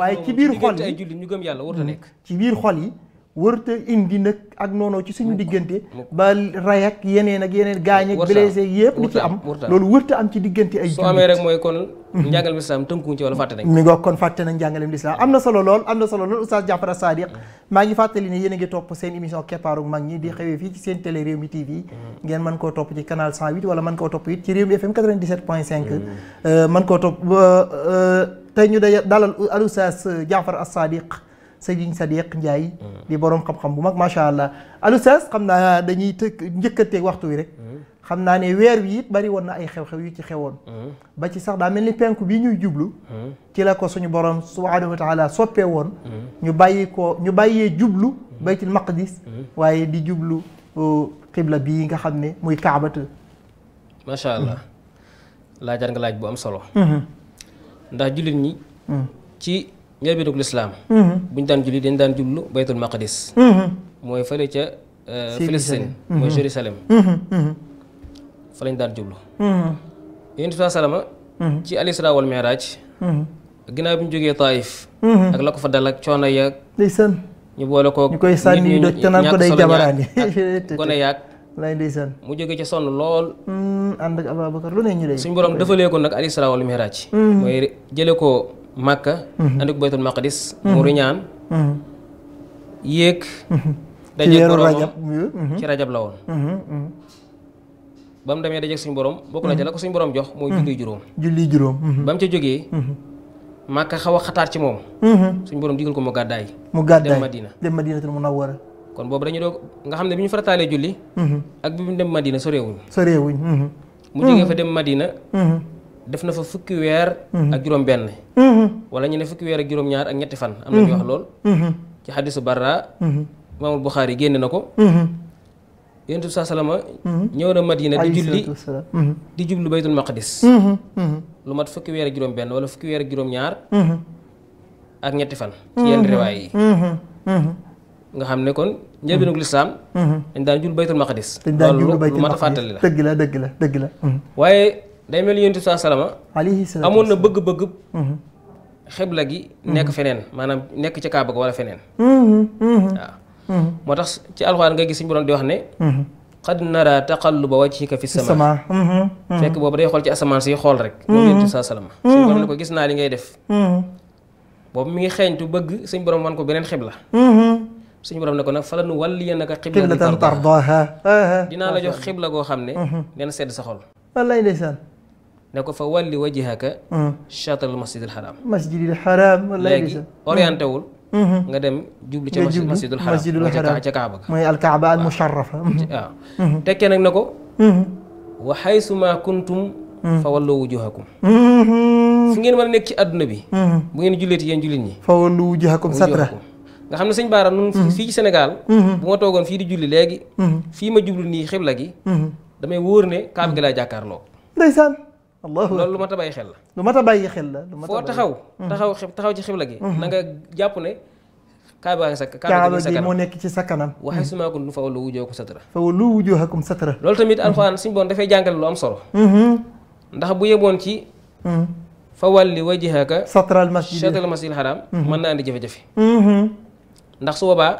waaye mhm. ci biir xol yi ci biir xol yi wërta indi nag ak noonu ci suñu diggante ba ray ak yeneen ak yeneen gaañ ak blessé yëpp lu ci am loolu wërta am ci diggante ay soo amee rek mooy kon mhm. njàngalem lislaam tënkuñ ci wala fàtte kon fàtte nañ njàngalem lislaam am na solo lool am na solo lool oustaz Jaafar Sadiq mhm. maa ngi fàttali ne yéen ngi topp seen émission keppaaru mag ñi di xewee fii ci seen télé Rewmi TV mhm. ngeen mën koo topp ci canal 108 wala mën koo topp it ci Rewmi FM 97.5 euh, mën koo topp euh, euh, tey ñu day dalal al oustaz Jaafar as-Sadiq sa Serigne Sadiq Ndiaye mm. di boroom xam-xam bu mag macha allah allo Oustaz xam naa dañuy tëkk njëkkanteeg waxtu wi rek mm. xam naa ne weer wi it bari woon na ay xew-xew yu ci xewoon mm. ba ci sax daa mel ni penku bi ñuy jublu ci la suñu borom subhanahu wa taala soppee woon ñu bàyyi ko ñu bàyyee jublu baytul maqdis waaye di jublu xibla uh, bii nga xam ne muy kaabatu macha allah laajar nga laaj bu am solo mm-hmm. ndax jullit ñi njëlbéenug lislaam mhm. bu ñu daan julli dañ daan jublu baytul maqdis mhm. mooy fële ca euh, Filistin mhm. mooy Jérusalem fa lañ daan jublu yonent bi salama ci al isra wal mi'raj ginnaaw bi ñu jógee Taif ak la ko fa dal ak coono yaag ndeysaan ñu boole ko ñu koy sànni doj te naan ko day jabaraani gone yaag lay ndeysaan mu jógee ci sonn lool mm, suñ borom dafalee ko nag al isra mm. mooy jële ko Makka. Mhm. ànd ak baytul maqdis. mu mhm. riñaan. Mhm. yéeg. dajeeg boroomam ci rajab la woon. ba mu demee dajeeg suñu borom bokk na ci la ko suñu borom jox mooy julli juróom. julli juróom. ba mu ca jógee. Makka xaw a ci moom. suñu borom digal ko mu gàddaay. mu gàddaay dem Madina dem Madinatul Munawwara kon boobu dañu doog nga xam ne bi ñu farataalee julli. ak bi mu dem Madina soreewuñ. soreewuñ. mu jógee fa dem Madina. def na fa fukki weer mhm. ak juróom benn mhm. wala ñu ne fukki weer ak juróom ñaar ak ñetti fan am na ñu wax mhm. lool ci xadisu barra imaamul Buxaari génne na ko yonent bi saa salama ñëw na Madina di julli di jublu baytul maqdis lu mat fukki juróom benn wala fukki weer ak juróom fan ci yi nga xam ne kon njëlbéenug lislaam dañ daan jul baytul maqdis lu mat a fàttali la dëgg la dëgg la dëgg la waaye day mel yonent sa salama amoon na bëgg-bëgg mhm. xibla gi nekk mhm. feneen maanaam nekk ci kaaba ga wala feneen mhm, waaw moo tax ci alxuraan nga gis suñu borom di wax ne qad nara taqalluba wajhika fi sama fekk boobu day xool ci asamaan si xool rek moom yonent bi gis naa li ngay def boobu mi ngi xeeñtu bëgg suñu borom wan ko beneen xibla suñu borom ne ko nag fala nu walliyannaka qiblatan tardaha dinaa la jox xibla koo xam ne dina sedd sa xol ne ko fa walli wajhaka hmm. shatral masjidil haram masjidil haram léegi hmm. orienté wul hmm. nga dem jublu ca masjidul haram masjidul haram ca kaaba ga mooy alkaaba al musharrafa waaw tekkee nag ne ko wa ma kuntum fa wallu wujuhakum fu ngeen mën a nekk ci adduna bi bu ngeen julleeti yéen jullit ñi fa wallu wujuhakum satra nga xam ne sëñ Baara nun fii ci Sénégal bu ma toogoon fii di julli léegi fii ma jublu nii xibla gi damay wóor ne kaaba gi laa jàkkaarloo wallaahu lu mat a xel la. lu mat a bàyyi xel la. lu mat a bàyyi foo taxaw. Hmm. taxaw taxaw ci xibla gi. Hmm. na nga jàpp ne. kaaba gi sa kaaba gi moo nekk ci sa kanam. waxee su ma kuntum fa wallu wujuhakum satara. fa wallu wujuhakum satara. loolu tamit alxuraan suñu boon dafay jàngale lu am solo. Hmm. ndax bu yeboon ci. fa walli wajhaka. satral masjidil satral masjidil naa andi jafe-jafe. ndax su boobaa.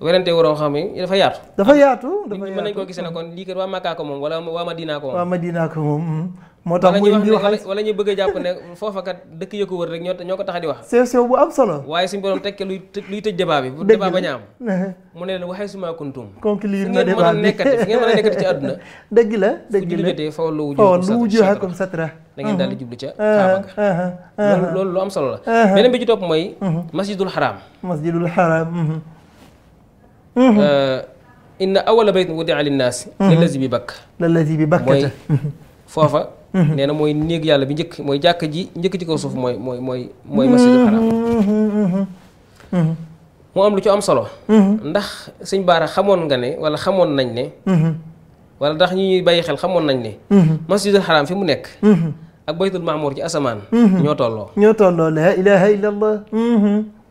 werante waroo xam ne dafa yaatu. dafa yaatu dafa yaatu mën nañu koo gisee ne kon lii kat waa Makka ko moom wala waa Madina ko moom. waa Madina ko moom mm-hmm. moo tax. muy ñu a jàpp ne foofa kat dëkk yu ko wër rek ñoo ko tax di wax. sew sew bu am solo. waaye suñu borom tekki luy luy tëj débat bi. bu débat ba ñaam mu ne leen waxee suma kuntum. conclure na ngeen mën a nekkati ci àdduna. dëgg la dëgg la jotee foofu lu wujuhakum satra da ngeen daal di uh-huh. jublu ca uh-huh. Kaaba ga uh-huh. loolu lu am solo la. beneen bi ci topp mooy. masjidul haram. masjidul haram. Mhm. Euh, inna awala baytin wudia linnaasi mhm. lallazi bi bakk lallazi bi bakk mooy foofa mhm. nee na mooy néeg yàlla bi njëkk mooy jàkk ji njëkk ci ko suuf mooy mooy mooy mooy masjidul mu am lu ci am solo ndax suñ baara xamoon nga ne wala xamoon nañ ne wala ndax ñi ñuy bàyyi xel xamoon nañ ne masjidul xaraam fi mu nekk ak baytul maamour ci asamaan ñoo tolloo la ilaha illa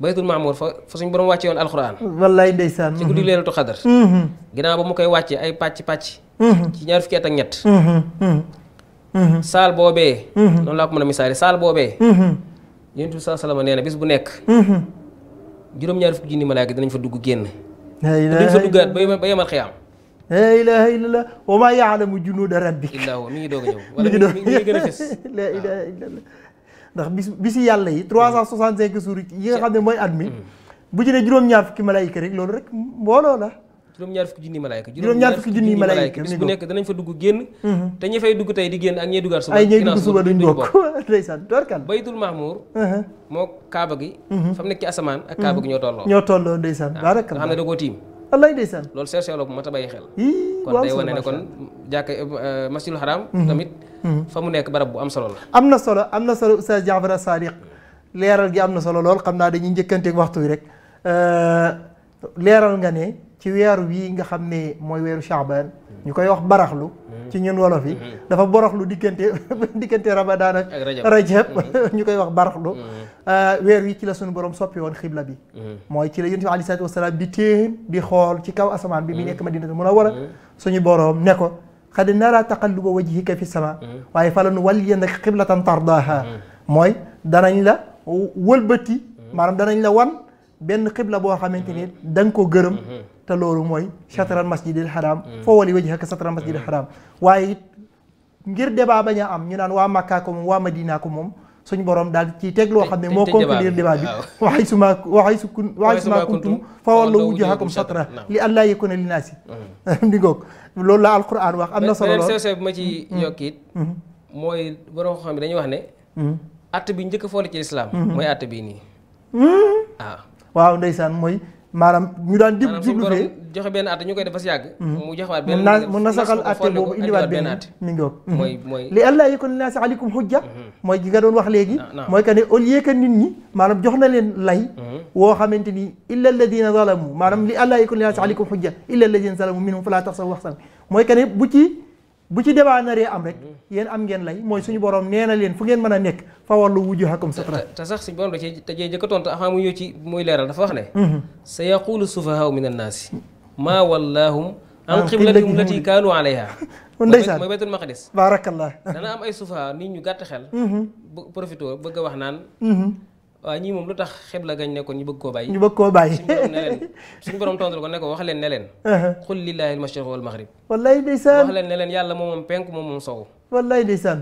baytul maamour fa fa suñ borom wàcce woon alxuraan. wallaay ndeysaan. ci guddi leelatu xadar. Mm-hmm. ginnaaw ba mu koy wàccee ay pàcc pàcc. Mm-hmm. ci ñaar fukki at ak ñett. Mm-hmm. saal boobee. noonu laa ko mën a misaale saal boobee. yonent bi saa salama nee na bis bu nekk. juróom-ñaar fukki junni malaaka dinañ fa dugg génn. dinañ fa duggaat ba yemal xiyaam. la ilaha illallah wa ma yaalamu junuuda rabbik. illaa huwa mi ngi doog a ñëw. wala mi ngi gën a fës. la ilaha illallah. ndax bis bisi yàlla yi 365 jours yi nga xam ne mooy at bu ci juróom-ñaar fukki malayka rek loolu rek mbooloo la juróom-ñaar fukki junni malayka juróom-ñaar fukki junni malayka bis bu nekk danañ fa dugg génn mhm. te ñi fay dugg tey di génn ak ñey duggaat suba ay ñey dugg ndeysaan torkal baytul mahmour uh-huh. moo kaaba gi mhm. fam nekk ci asamaan ak kaaba gi mhm. ñoo tolloo ñoo tolloo ndeysaan baarakal xam ne da koo tiim wallaay ndeysaan loolu cherché fa mu nekk barab bu am solo la. am na solo am na solo Oustaz Jaafar Sadiq leeral gi am na solo lool xam naa dañuy njëkkanteeg waxtu wi rek euh, leeral nga ne ci weeru wii nga xam ne mooy weeru Shaaban ñu koy wax baraxlu ci ñun wolof yi mhm. dafa boroxlu diggante diggante Ramadan ak Rajab mhm. ñu koy wax baraxlu mhm. euh, weer wi ci la suñu borom soppi woon xibla bi mooy ci la yonent bi aleyhi salaatu wa salaam di téen di xool ci kaw asamaan bi bi nekk Madinatul Munawwara suñu borom ne ko xad nara taqalluba wajhika fi sama mm-hmm. waaye fa la nu walliyannaka qiblatan tardaaha mm-hmm. mooy danañ la wëlbati mm-hmm. maanaam danañ la wan benn xibla boo xamante ni da nga ko gërëm te loolu mooy chatral masjidil haram foo wali wajhaka chatral masjidil haram waaye ngir débat bañ a am ñu naan waa Makka ko moom waa Madina ko moom suñu borom daal ci teg loo xam ne moo conclure débat bi waxay suma waxay su kun waxay suma kuntum fa wallu wujuhakum satra li allah yakuna li naasi mm-hmm. di ngoog loolu la alquran wax am na solo lool sew ma ci mm-hmm. yokk it mm-hmm. mooy borom xam ne dañuy wax ne att bi njëkk foole ci lislaam mooy att bii nii ah. waaw ndeysaan mooy maanaam ñu daan di jublu fee joxe benn at ñu koy def ba si yàgg mm. mu joxewaat benn na mu nasaxal atte boobu indiwaat benn at mi ngi woog mm. mooy li allah yi kon naasi aleykum xujja mm-hmm. mooy gi nga doon wax léegi mooy que ne au lieu que nit ñi maanaam jox na leen lay mm-hmm. woo xamante ni illa alladina zalamu maanaam li allah yi kon naasi aleykum xujja illa alladina zalamu minhum falaa tax sa wax san mooy que ne bu ci bu ci débat naree am rek yéen am ngeen lay mooy suñu borom nee leen fu ngeen mën a nekk fa wàllu wujuhakum satra te sax suñu te jëkk a mu ñëw ci muy leeral dafa wax ne mhm. sa yaqulu sufahaau min annaasi maa wallaahum an qiblatihum lati kaanu alayha ndeysaan mooy baytul maqdis baarakallah dana am ay sufaha nit ñu gàtt xel mhm. profito bëgg a wax naan mhm. waaw ñii moom lu tax xibla gañ nekkoon ñu bëgg koo bàyyi ñu bëgg koo bàyyi suñu borom tontu ko ne wax leen ne leen xul uh-huh. lillahi almashriq wal maghrib wallaay ndeysaan wax leen ne leen yàlla moom moom penk moom moom sow wallaay ndeysaan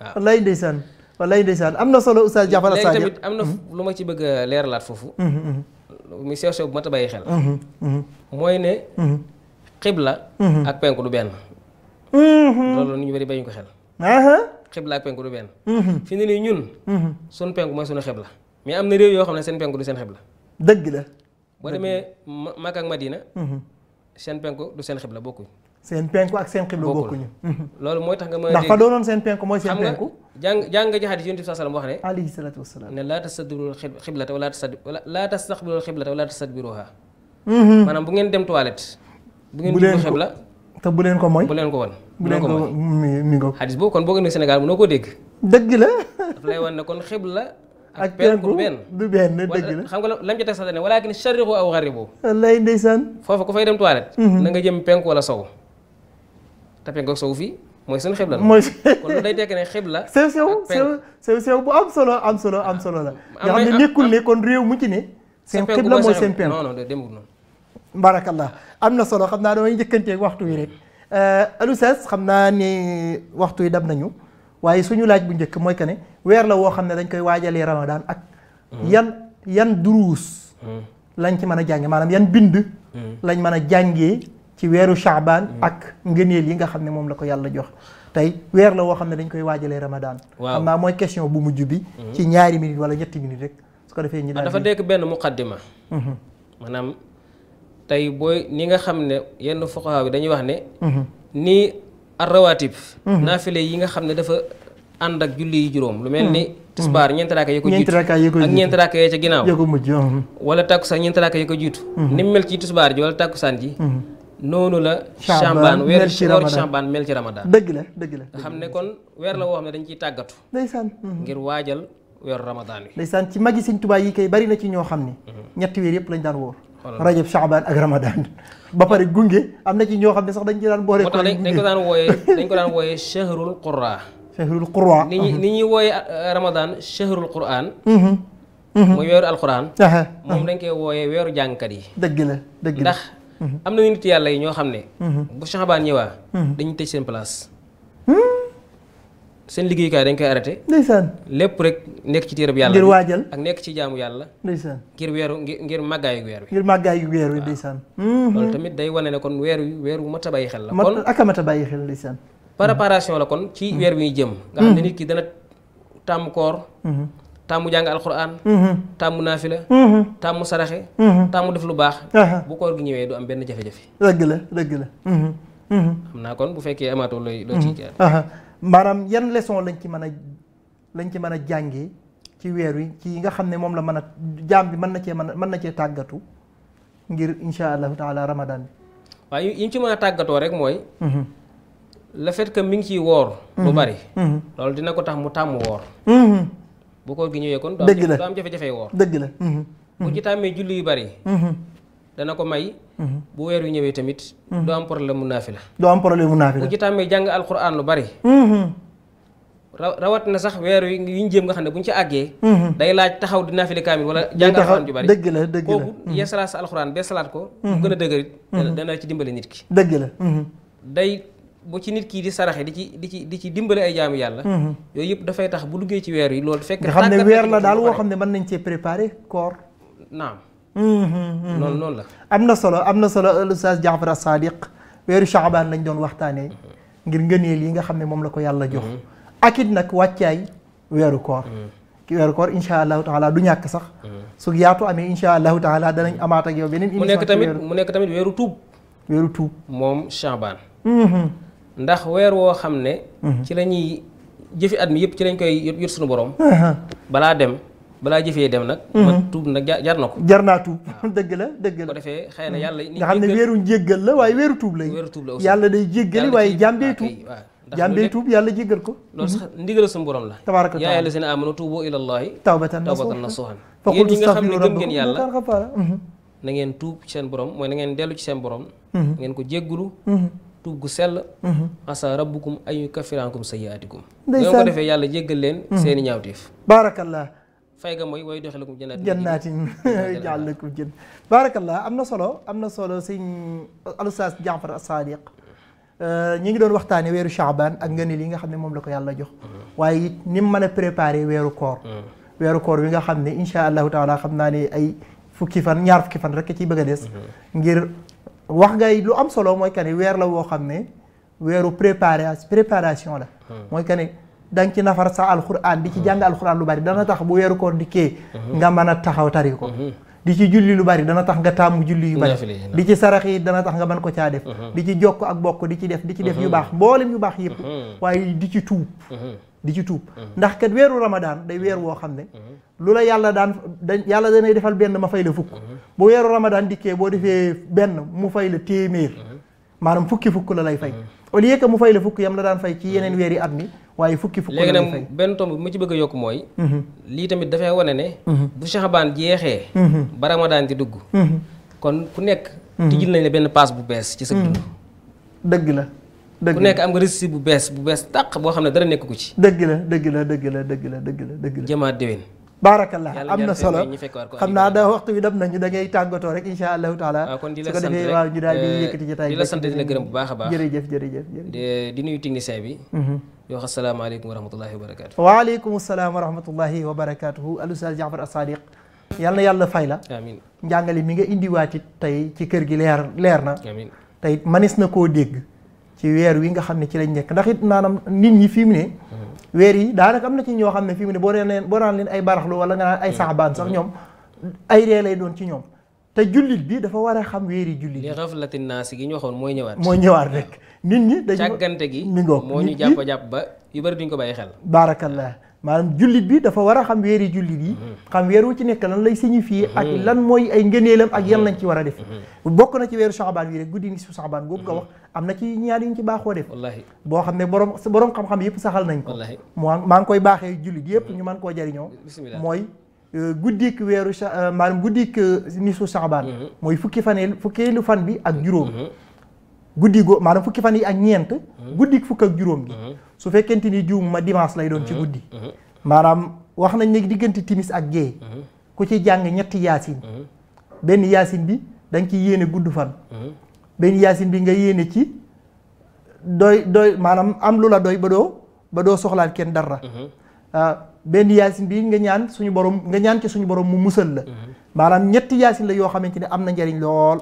waaw wallaay ndeysaan wallaay ndeysaan am na solo Oustaz Diaffar Sadio am na uh-huh. lu ma ci bëgg a leeralaat foofu uh-huh, mu sew sew bu mat a mooy ne xibla ak penk du benn loolu ñu bëri bàyyi ko xel xibla ak penk du benn fi ne nii ñun suñ penk mooy suñu xibla mais am na réew yoo xam ne seen penku du seen xibla. dëgg la. boo demee Makka ak Madina. Mhm. seen penku du seen xibla bokkuñ. seen penku ak seen xibla bokkuñu. loolu mooy tax nga mën a. ndax fa doonoon seen penku mooy seen penku. xam nga jàng jàng nga ci xadis yonent bi sallallahu alayhi wa sallam wax ne. alayhi salaatu wa mhm. bu ngeen dem toilette. bu ngeen jublu xibla te bu leen ko mooy bu leen ko wan. bu ko mi mi ngoog. xadis boobu kon ko indi Sénégal dégg. dëgg la. daf lay wan ne kon xibla ak penku du benn dëgg la xam nga lam ca teg sax dane walaakin sharriqu aw xaribu wallaay ndeysaan foofu ko fay dem toilette mhm. na nga jëm penku wala sow te penku ak sow fii mooy suñu xibla mooy day tekki ne xibla sew sew sew sew bu am solo am solo am solo la nga xam ne nekkul ne réew mu ci ne seen xibla mooy seen penku non non demul noonu barakallah am na solo xam naa damay njëkkantee waxtu wi rek euh, alusas xam naa ne waxtu yi dab nañu waaye suñu laaj bu njëkk mooy que ne weer la woo xam ne dañ koy waajalee ramadaan ak. yan yan duruus. Mm. lañ ci mën a jàngee maanaam yan bind. Mm. lañ mën a jàngee ci weeru shaabaan mm. ak ngëneel yi nga xam ne moom la ko yàlla jox. tey weer la woo xam ne dañ koy waajalee ramadaan. waaw xam naa mooy question bu mujj bi. ci ñaari minute wala ñetti minute rek su ko defee ñu daal ah, dafa nekk benn muqaddima. Mm-hmm. maanaam tey booy ni nga xam ne yenn fuqahaa bi dañuy wax ne. Mm-hmm. nii. ar rawaatib mhm. naafile yi nga xam ne dafa ànd ak julli yi juróom lu mel mhm. ni mhm. tisbaar ñeenti raaka yi ko jiitu ak ñeenti raaka yi ca ginnaaw ya ko mujj wala tàkkusaan ñeenti raaka yi ko jiitu ni mel ci tisbaar ji wala tàkkusaan ji noonu la chambaan weer weeru chambaan mel ci ramadan dëgg la xam ne kon weer la woo xam ne dañ ciy tàggatu ndeysaan ngir waajal weeru ramadan wi ndeysaan ci magi sëñ Tuubaa yi kay bari na ci ñoo xam ne ñetti weer yëpp lañ daan wóor rajab chaabaan ak ramadan ba pare gunge am na ci ñoo xam ne sax dañ ci daan boole moo tax dañ ko daan wooyee dañ ko daan wooyee chahrul qurra chahrul qurra ni ñuy ni ñuy wooyee uh, ramadan chahrul quraan mm-hmm. mm-hmm. mooy weeru alquran moom dañ koy wooyee weeru jàngkat yi dëgg la dëgg la ndax mm-hmm. am na nit yàlla yi ñoo xam ne bu chaabaan ñëwaa dañuy tëj seen place seen liggéeyukaay dañ koy arrêté. ndeysaan lépp rek nekk ci téereb yàlla. ngir waajal ak nekk ci jaamu yàlla. ndeysaan ngir weeru ngir màggaayu weer wi. ngir màggaayu weer wi ndeysaan. Mhm. loolu tamit day wane ne kon weer wi weer wu mat a bàyyi xel la. kon ak a mat a bàyyi xel ndeysaan. préparation la kon ci weer wi ñu jëm. nga xam ne mhm. nit ki dana tàmm koor. Mhm. tàmmu jàng alquran. tàmmu naafila. tàmmu saraxe. tàmmu def lu baax. bu koor gi ñëwee du am benn jafe-jafe. dëgg la dëgg la. xam naa kon bu fekkee amaatoo looy loo ciy jaar. maanaam yan leçon lañ ci man a lañ ci mën a jàngee ci weer wi ci yi nga xam ne moom la mën a jaam bi man na cee mën man na cee tàggatu ngir insha allahu taala ramadan bi waaye yi ñu ci mën a tàggatoo rek mooy mhm. le fait que mi ngi ciy woor lu mhm. bari mhm. loolu dina ko tax mu tàmm woor bu koor gi ñëwee kon doo am jafe-jafe woor dëgg la bu ci tàmmee julli yu bari dana ko may. bu weer wi ñëwee tamit. doo am problème mu naafi la. doo am problème mu naafi la bu ci tàmmee jàng alxuraan lu bari. Mm-hmm. rawat na sax weer wi yi ñu ne bu ñu ci àggee. Mm-hmm. day laaj taxaw di naafile kaamil wala jàng alxuraan ju bari dëgg la dëgg la kooku mm-hmm. yeesalaat sa alxuraan bee salaat ko. bu gën a dëgërit. dana ci dimbale ki. dëgg la. day bu ci nit kii di saraxe di ci di ci di ci dimbale ay jaamu yàlla. yooyu yëpp dafay tax bu duggee ci weer yi loolu. fekk nga xam ne weer la daal woo xam ne mën nañ cee préparer koor. naam. noonu mm-hmm, mm-hmm. noonu la. am na solo am na solo Oustaz Jaafar Sadiq weeru Chaabaan lañ doon waxtaanee mm-hmm. ngir ngëneel lii nga xam ne moom la ko yàlla jox. ak it nag wàccaay weeru koor. weeru incha allahu taala du ñàkk sax. su yaatu amee incha allahu taala danañ amaat ak yow beneen. émission mu nekk tamit mu nekk tamit weeru tuub. weeru tuub moom Chaabaan. ndax weer woo xam ne. ci lañuy ñuy jëfi at mi yëpp ci lañ koy yot suñu borom. Uh-huh. balaa dem. balaa jëfee dem nag. ma mhm. tuub nag jar na ko. jar naa tuub dëgg la dëgg la. la waaye weeru tuub lay. weeru tuub la aussi yàlla day jéggali waaye jaam day tuub. jaam day tuub yàlla jéggal ko. loolu mhm. borom la. tabaaraka taala yaa ayyuhaa llaziina aamanuu tuubuu ilaa llaahi. tawbatan nasuuhan yéen ñi nga xam ne gëm ngeen yàlla mhm. na ngeen tuub ci seen borom mooy na ngeen dellu ci seen borom. ngeen ko jéggulu tuub gu sell asa rabbukum ay kafiraankum sayyaatikum. ndeysaan ko fay ga mooy way doxalakum jannaatin jannaatin jaal lakum jën baarakallah am na solo am na solo sëñ alustaas Jaafar Saadiq euh, ñi ngi doon waxtaane weeru Shaaban ak ngëneel li nga xam ne moom la ko yàlla jox waaye it ni mu mën a préparé weeru koor mm. weeru koor wi nga xam ne insha allahu taala xam naa ne ay fukki fan ñaar fukki fan rek ciy bëgg a des mm-hmm. ngir wax ngay lu am solo mooy que ne weer la woo xam ne weeru préparé préparation la mm. mooy que da ci nafar sa alxuraan di ci hmm. jàng alxuraan lu bari dana tax bu weeru koor dikkee hmm. nga man a taxaw tari ko hmm. di ci julli lu bari dana tax nga taamu julli yu bari di ci sarax yi dana tax nga man ko caa def di ci jokk ak bokk di ci def di ci def yu baax mboolem yu baax yëpp waaye di ci tuub di ci tuub ndax kat weeru ramadaan day weer woo xam ne lu la yàlla daan da yàlla danay defal benn ma fay la fukk bu weeru ramadaan dikkee boo defee benn mu fay la téeméer maanaam fukki fukk la lay fay au lieu que mu fay la fukk yam la daan fay ci yeneen weer at mi waaye fukki fukk léegi nag benn tomb bi ma ci bëgg yokk mooy mhm. lii tamit dafay wane ne mhm. bu Saxabaan jeexee mhm. ba Ramadaan di dugg kon ku nekk tijjil nañ la benn paas bu bees ci sa dund dëgg la dëgg ku nekk am nga récit bu bees bu bees tàq boo xam ne dara nekk ko ci dëgg la dëgg la dëgg la dëgg la dëgg la dëgg la jëmaat déwén baarakallah am na solo xam naa da waxtu bi dem nañu da ngay tàggatoo rek incha allahu taala ah, su ko defee waaw ñu daal di euh, yëkkati ci tay di la sant dina gërëm bu baax a baax jërëjëf jërëjëf di nuyu technicien bi mhm. di wax asalaamaaleykum wa rahmatullahi wa barakatu waaleykum asalaam wa rahmatullahi wa barakatuhu al ustaz Jaafar fay la amiin njàngale mi nga indiwaat it tey ci kër gi leer leer na tey manis na koo dégg ci weer wi nga xam ne ci lañ nekk ndax it maanaam nit ñi fi mu ne weer yi daanaka am na ci ñoo xam ne fii mu ne boo leen boo naan leen ay baraxlu wala nga naan ay saxabaan sax ñoom ay ree lay doon ci ñoom te jullit bi dafa war a xam weeri jullit li raflati naas gi ñu waxoon mooy ñëwaat mooy ñëwaat rek nit ñi dañu càggante gi mi ngoog moo ñu jàpp jàpp ba yu bari duñ ko bàyyi xel baarakallah maanaam jullit bi dafa war a xam weeri jullit yi mhm. xam weer wu ci nekk lan lay fii ak mhm. lan mooy ay ngëneelam ak yan mhm. lañ ci war a def bokk na ci weeru saxabaan wi rek guddi ngi su saxabaan boobu ko wax am na ci ñaar yuñ ci baaxoo def boo xam ne borom borom xam-xam yëpp saxal nañ ko moo maa ngi koy baaxee jullit yëpp ñu man koo jariñoo mooy euh, guddik weeru euh, maanaam guddik euh, su saxabaan mooy fukki faneel fukkeelu fan bi ak juróom guddi goo maanaam fukki fan yi ak ñeent mhm. guddi fukk ak juróom gi mhm. su fekkente ni juum ma dimanche lay doon ci mhm. guddi maanaam wax nañ ne diggante timis ak géey ku ci jàng ñetti yaasin benn yaasin bi da nga ci yéene gudd fan benn yaasin bi nga yéene ci doy doy maanaam am lu la doy ba doo ba doo soxlaal kenn dara ah, benn yaasin bi nga ñaan suñu borom nga ñaan ci suñu borom mu musal la maanaam ñetti yaasin la yoo xamante ne am na njariñ lool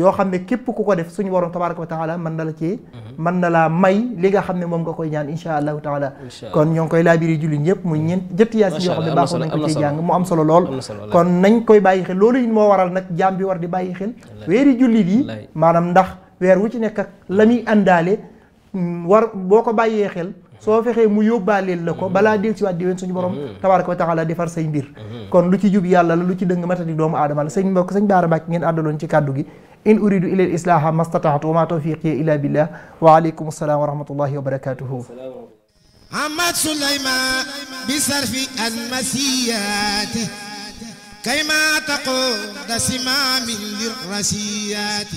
yoo xam ne képp ku ko def suñu borom tabaraka wa taala mën na la cee mhm. mën na laa may li nga xam ne moom nga koy ñaan insha allahu taala kon ñoo ngi koy laabiri jullit ñëpp muy ñeent mhm. ñetti yaasin yoo xam ne baaxoon ko ciy mu am solo lool kon nañ koy bàyyi xel loolu moo waral nag jaam bi war di bàyyi xel weeri jullit yi maanaam ndax weer wu ci nekk la muy àndaale mm, war boo ko bàyyee xel soo fexee mu yóbbaaleel la ko mm-hmm. balaa del si waat déwén suñu borom mm-hmm. tabaaraka wa taala defar say mbir mm-hmm. kon lu ci jub yàlla la lu ci dëng matadi doomu aadama la sëñ mbokk sëñ baara mbàkke ngeen àddaloon ci kàddu gi in uridu ila l islaaha mastataatu wa ma tawfiqiya ila billah wa aleykum assalaam wa rahmatullahi wa barakatuhu ahmad suleyman bi sarfi almasiyat kayma taqooda simaamin lirrasiyat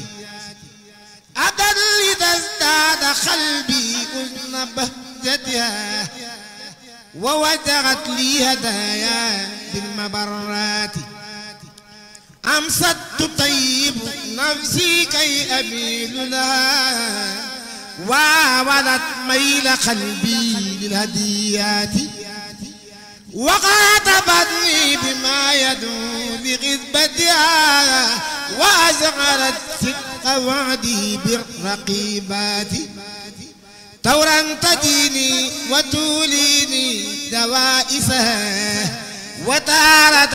adan li tazdaada qalbi unnaba مدتها وودعت لي هدايا بالمبرات أمست تطيب نفسي كي أميل لها وولت ميل قلبي للهديات وخاطبتني بما يدعو لغذبتها وأزغرت صدق وعدي بالرقيبات طورا تديني وتوليني دوائسها وتارة